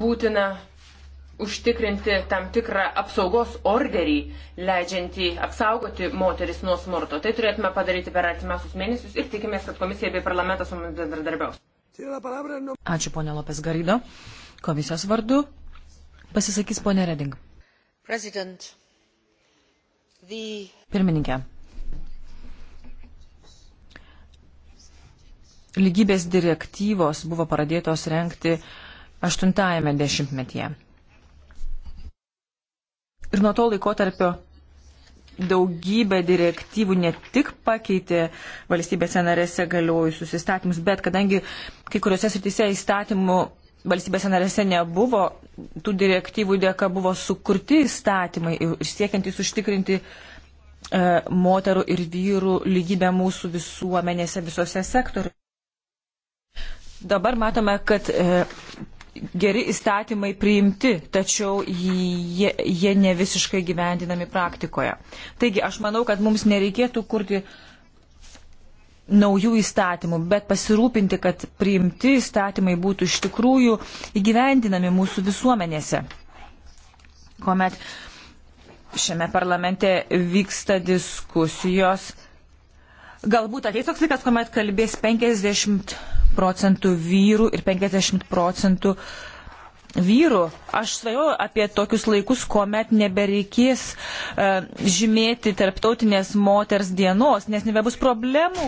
Būtina užtikrinti tam tikrą apsaugos orderį, leidžiantį apsaugoti moteris nuo smurto. Tai turėtume padaryti per artimiausius mėnesius ir tikimės, kad komisija bei parlamentas mums bendradarbiaus. Ačiū, ponė Lopes Garydo. Komisijos vardu pasisakys ponė Reding. President, the... Pirmininkė. Lygybės direktyvos buvo pradėtos renkti 80-ame dešimtmetyje. Ir nuo to laiko tarpio daugybę direktyvų ne tik pakeitė valstybėse narėse galiojusius įstatymus, bet kadangi kai kuriuose srityse įstatymų valstybėse narėse nebuvo, tų direktyvų dėka buvo sukurti įstatymai ir siekiantys užtikrinti e, moterų ir vyrų lygybę mūsų visuomenėse visose sektoriuose. Dabar matome, kad e, geri įstatymai priimti, tačiau jie, jie ne visiškai gyvendinami praktikoje. Taigi aš manau, kad mums nereikėtų kurti naujų įstatymų, bet pasirūpinti, kad priimti įstatymai būtų iš tikrųjų įgyvendinami mūsų visuomenėse. Komet šiame parlamente vyksta diskusijos Galbūt ateis toks laikas, kuomet kalbės 50 procentų vyrų ir 50 procentų vyrų. Aš svajoju apie tokius laikus, kuomet nebereikės uh, žymėti tarptautinės moters dienos, nes nebebus problemų,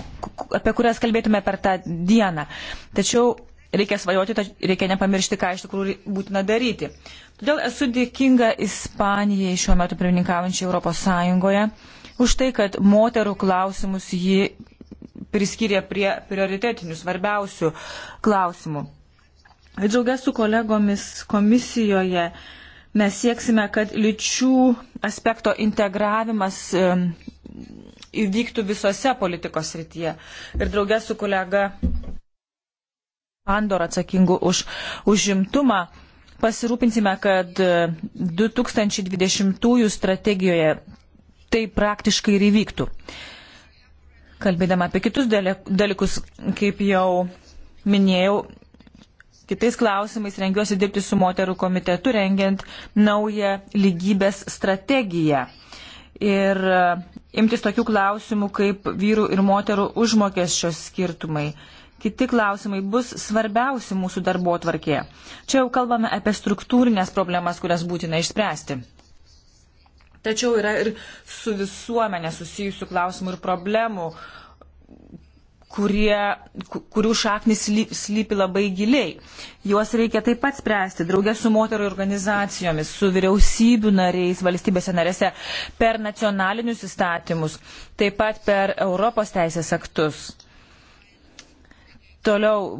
apie kurias kalbėtume per tą dieną. Tačiau reikia svajoti, tač reikia nepamiršti, ką iš tikrųjų būtina daryti. Todėl esu dėkinga Ispanijai šiuo metu pirmininkaujančiai Europos Sąjungoje. Uh, už tai, kad moterų klausimus ji priskyrė prie prioritetinių, svarbiausių klausimų. Džiaugia su kolegomis komisijoje mes sieksime, kad lyčių aspekto integravimas įvyktų visose politikos rytyje. Ir draugė su kolega Pandor atsakingu už užimtumą pasirūpinsime, kad 2020 strategijoje tai praktiškai ir įvyktų. Kalbėdama apie kitus dalykus, kaip jau minėjau, kitais klausimais rengiuosi dirbti su moterų komitetu, rengiant naują lygybės strategiją. Ir e, imtis tokių klausimų kaip vyrų ir moterų užmokesčios skirtumai. Kiti klausimai bus svarbiausi mūsų darbo tvarkėje. Čia jau kalbame apie struktūrinės problemas, kurias būtina išspręsti. Tačiau yra ir su visuomenė susijusių klausimų ir problemų, kurie, kurių šaknis slypi labai giliai. Juos reikia taip pat spręsti, draugė su moterų organizacijomis, su vyriausybių nariais, valstybėse narėse, per nacionalinius įstatymus, taip pat per Europos teisės aktus. Toliau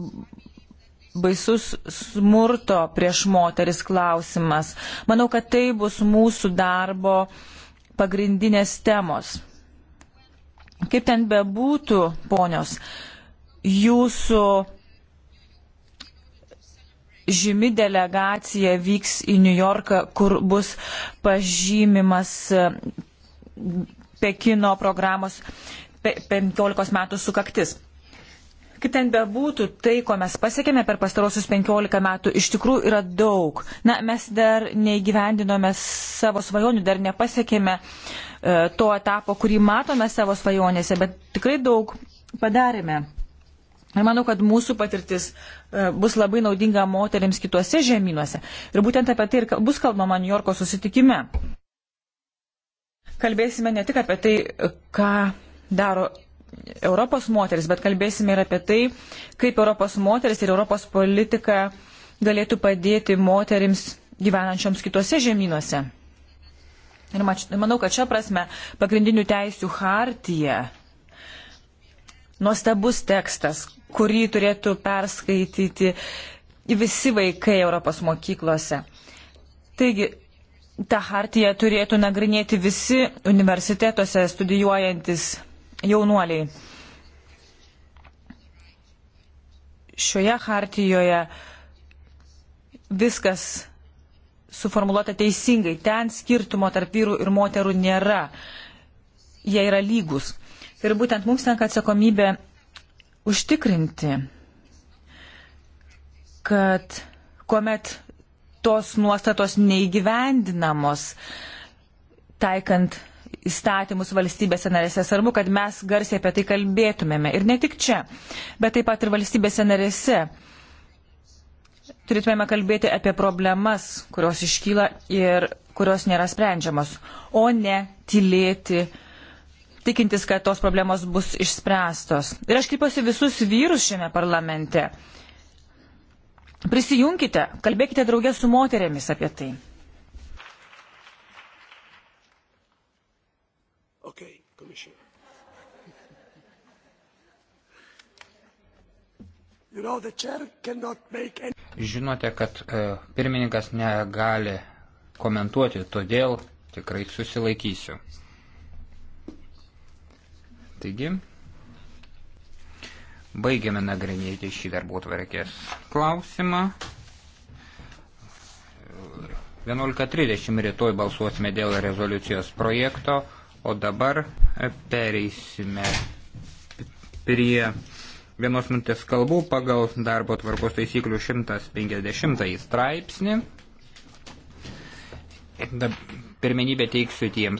baisus smurto prieš moteris klausimas. Manau, kad tai bus mūsų darbo pagrindinės temos. Kaip ten bebūtų, ponios, jūsų žymi delegacija vyks į New Yorką, kur bus pažymimas e, Pekino programos 15 metų sukaktis. Kaip ten bebūtų, tai, ko mes pasiekėme per pastarosius 15 metų, iš tikrųjų yra daug. Na, mes dar neįgyvendinome savo svajonių, dar nepasiekėme e, to etapo, kurį matome savo svajonėse, bet tikrai daug padarėme. Ir manau, kad mūsų patirtis e, bus labai naudinga moteriams kituose žemynuose. Ir būtent apie tai ir bus kalbama New Yorko susitikime. Kalbėsime ne tik apie tai, e, ką daro Europos moteris, bet kalbėsime ir apie tai, kaip Europos moteris ir Europos politika galėtų padėti moterims gyvenančioms kitose žemynuose. Ir manau, kad čia prasme pagrindinių teisių hartija nuostabus tekstas, kurį turėtų perskaityti visi vaikai Europos mokyklose. Taigi, tą hartiją turėtų nagrinėti visi universitetuose studijuojantis jaunuoliai. Šioje hartijoje viskas suformuoluota teisingai. Ten skirtumo tarp vyrų ir moterų nėra. Jie yra lygus. Ir būtent mums tenka atsakomybė užtikrinti, kad kuomet tos nuostatos neįgyvendinamos, taikant įstatymus valstybėse narėse. Svarbu, kad mes garsiai apie tai kalbėtumėme. Ir ne tik čia, bet taip pat ir valstybėse narėse. Turėtumėme kalbėti apie problemas, kurios iškyla ir kurios nėra sprendžiamos, o ne tylėti, tikintis, kad tos problemos bus išspręstos. Ir aš kreipiuosi visus vyrus šiame parlamente. Prisijunkite, kalbėkite draugė su moterėmis apie tai. Žinote, kad e, pirmininkas negali komentuoti, todėl tikrai susilaikysiu. Taigi, baigiame nagrinėti šį darbo tvarkės klausimą. 11.30 rytoj balsuosime dėl rezoliucijos projekto, o dabar e, pereisime prie vienos minutės kalbų pagal darbo tvarkos taisyklių 150 straipsnį. Pirmenybę teiksiu tiems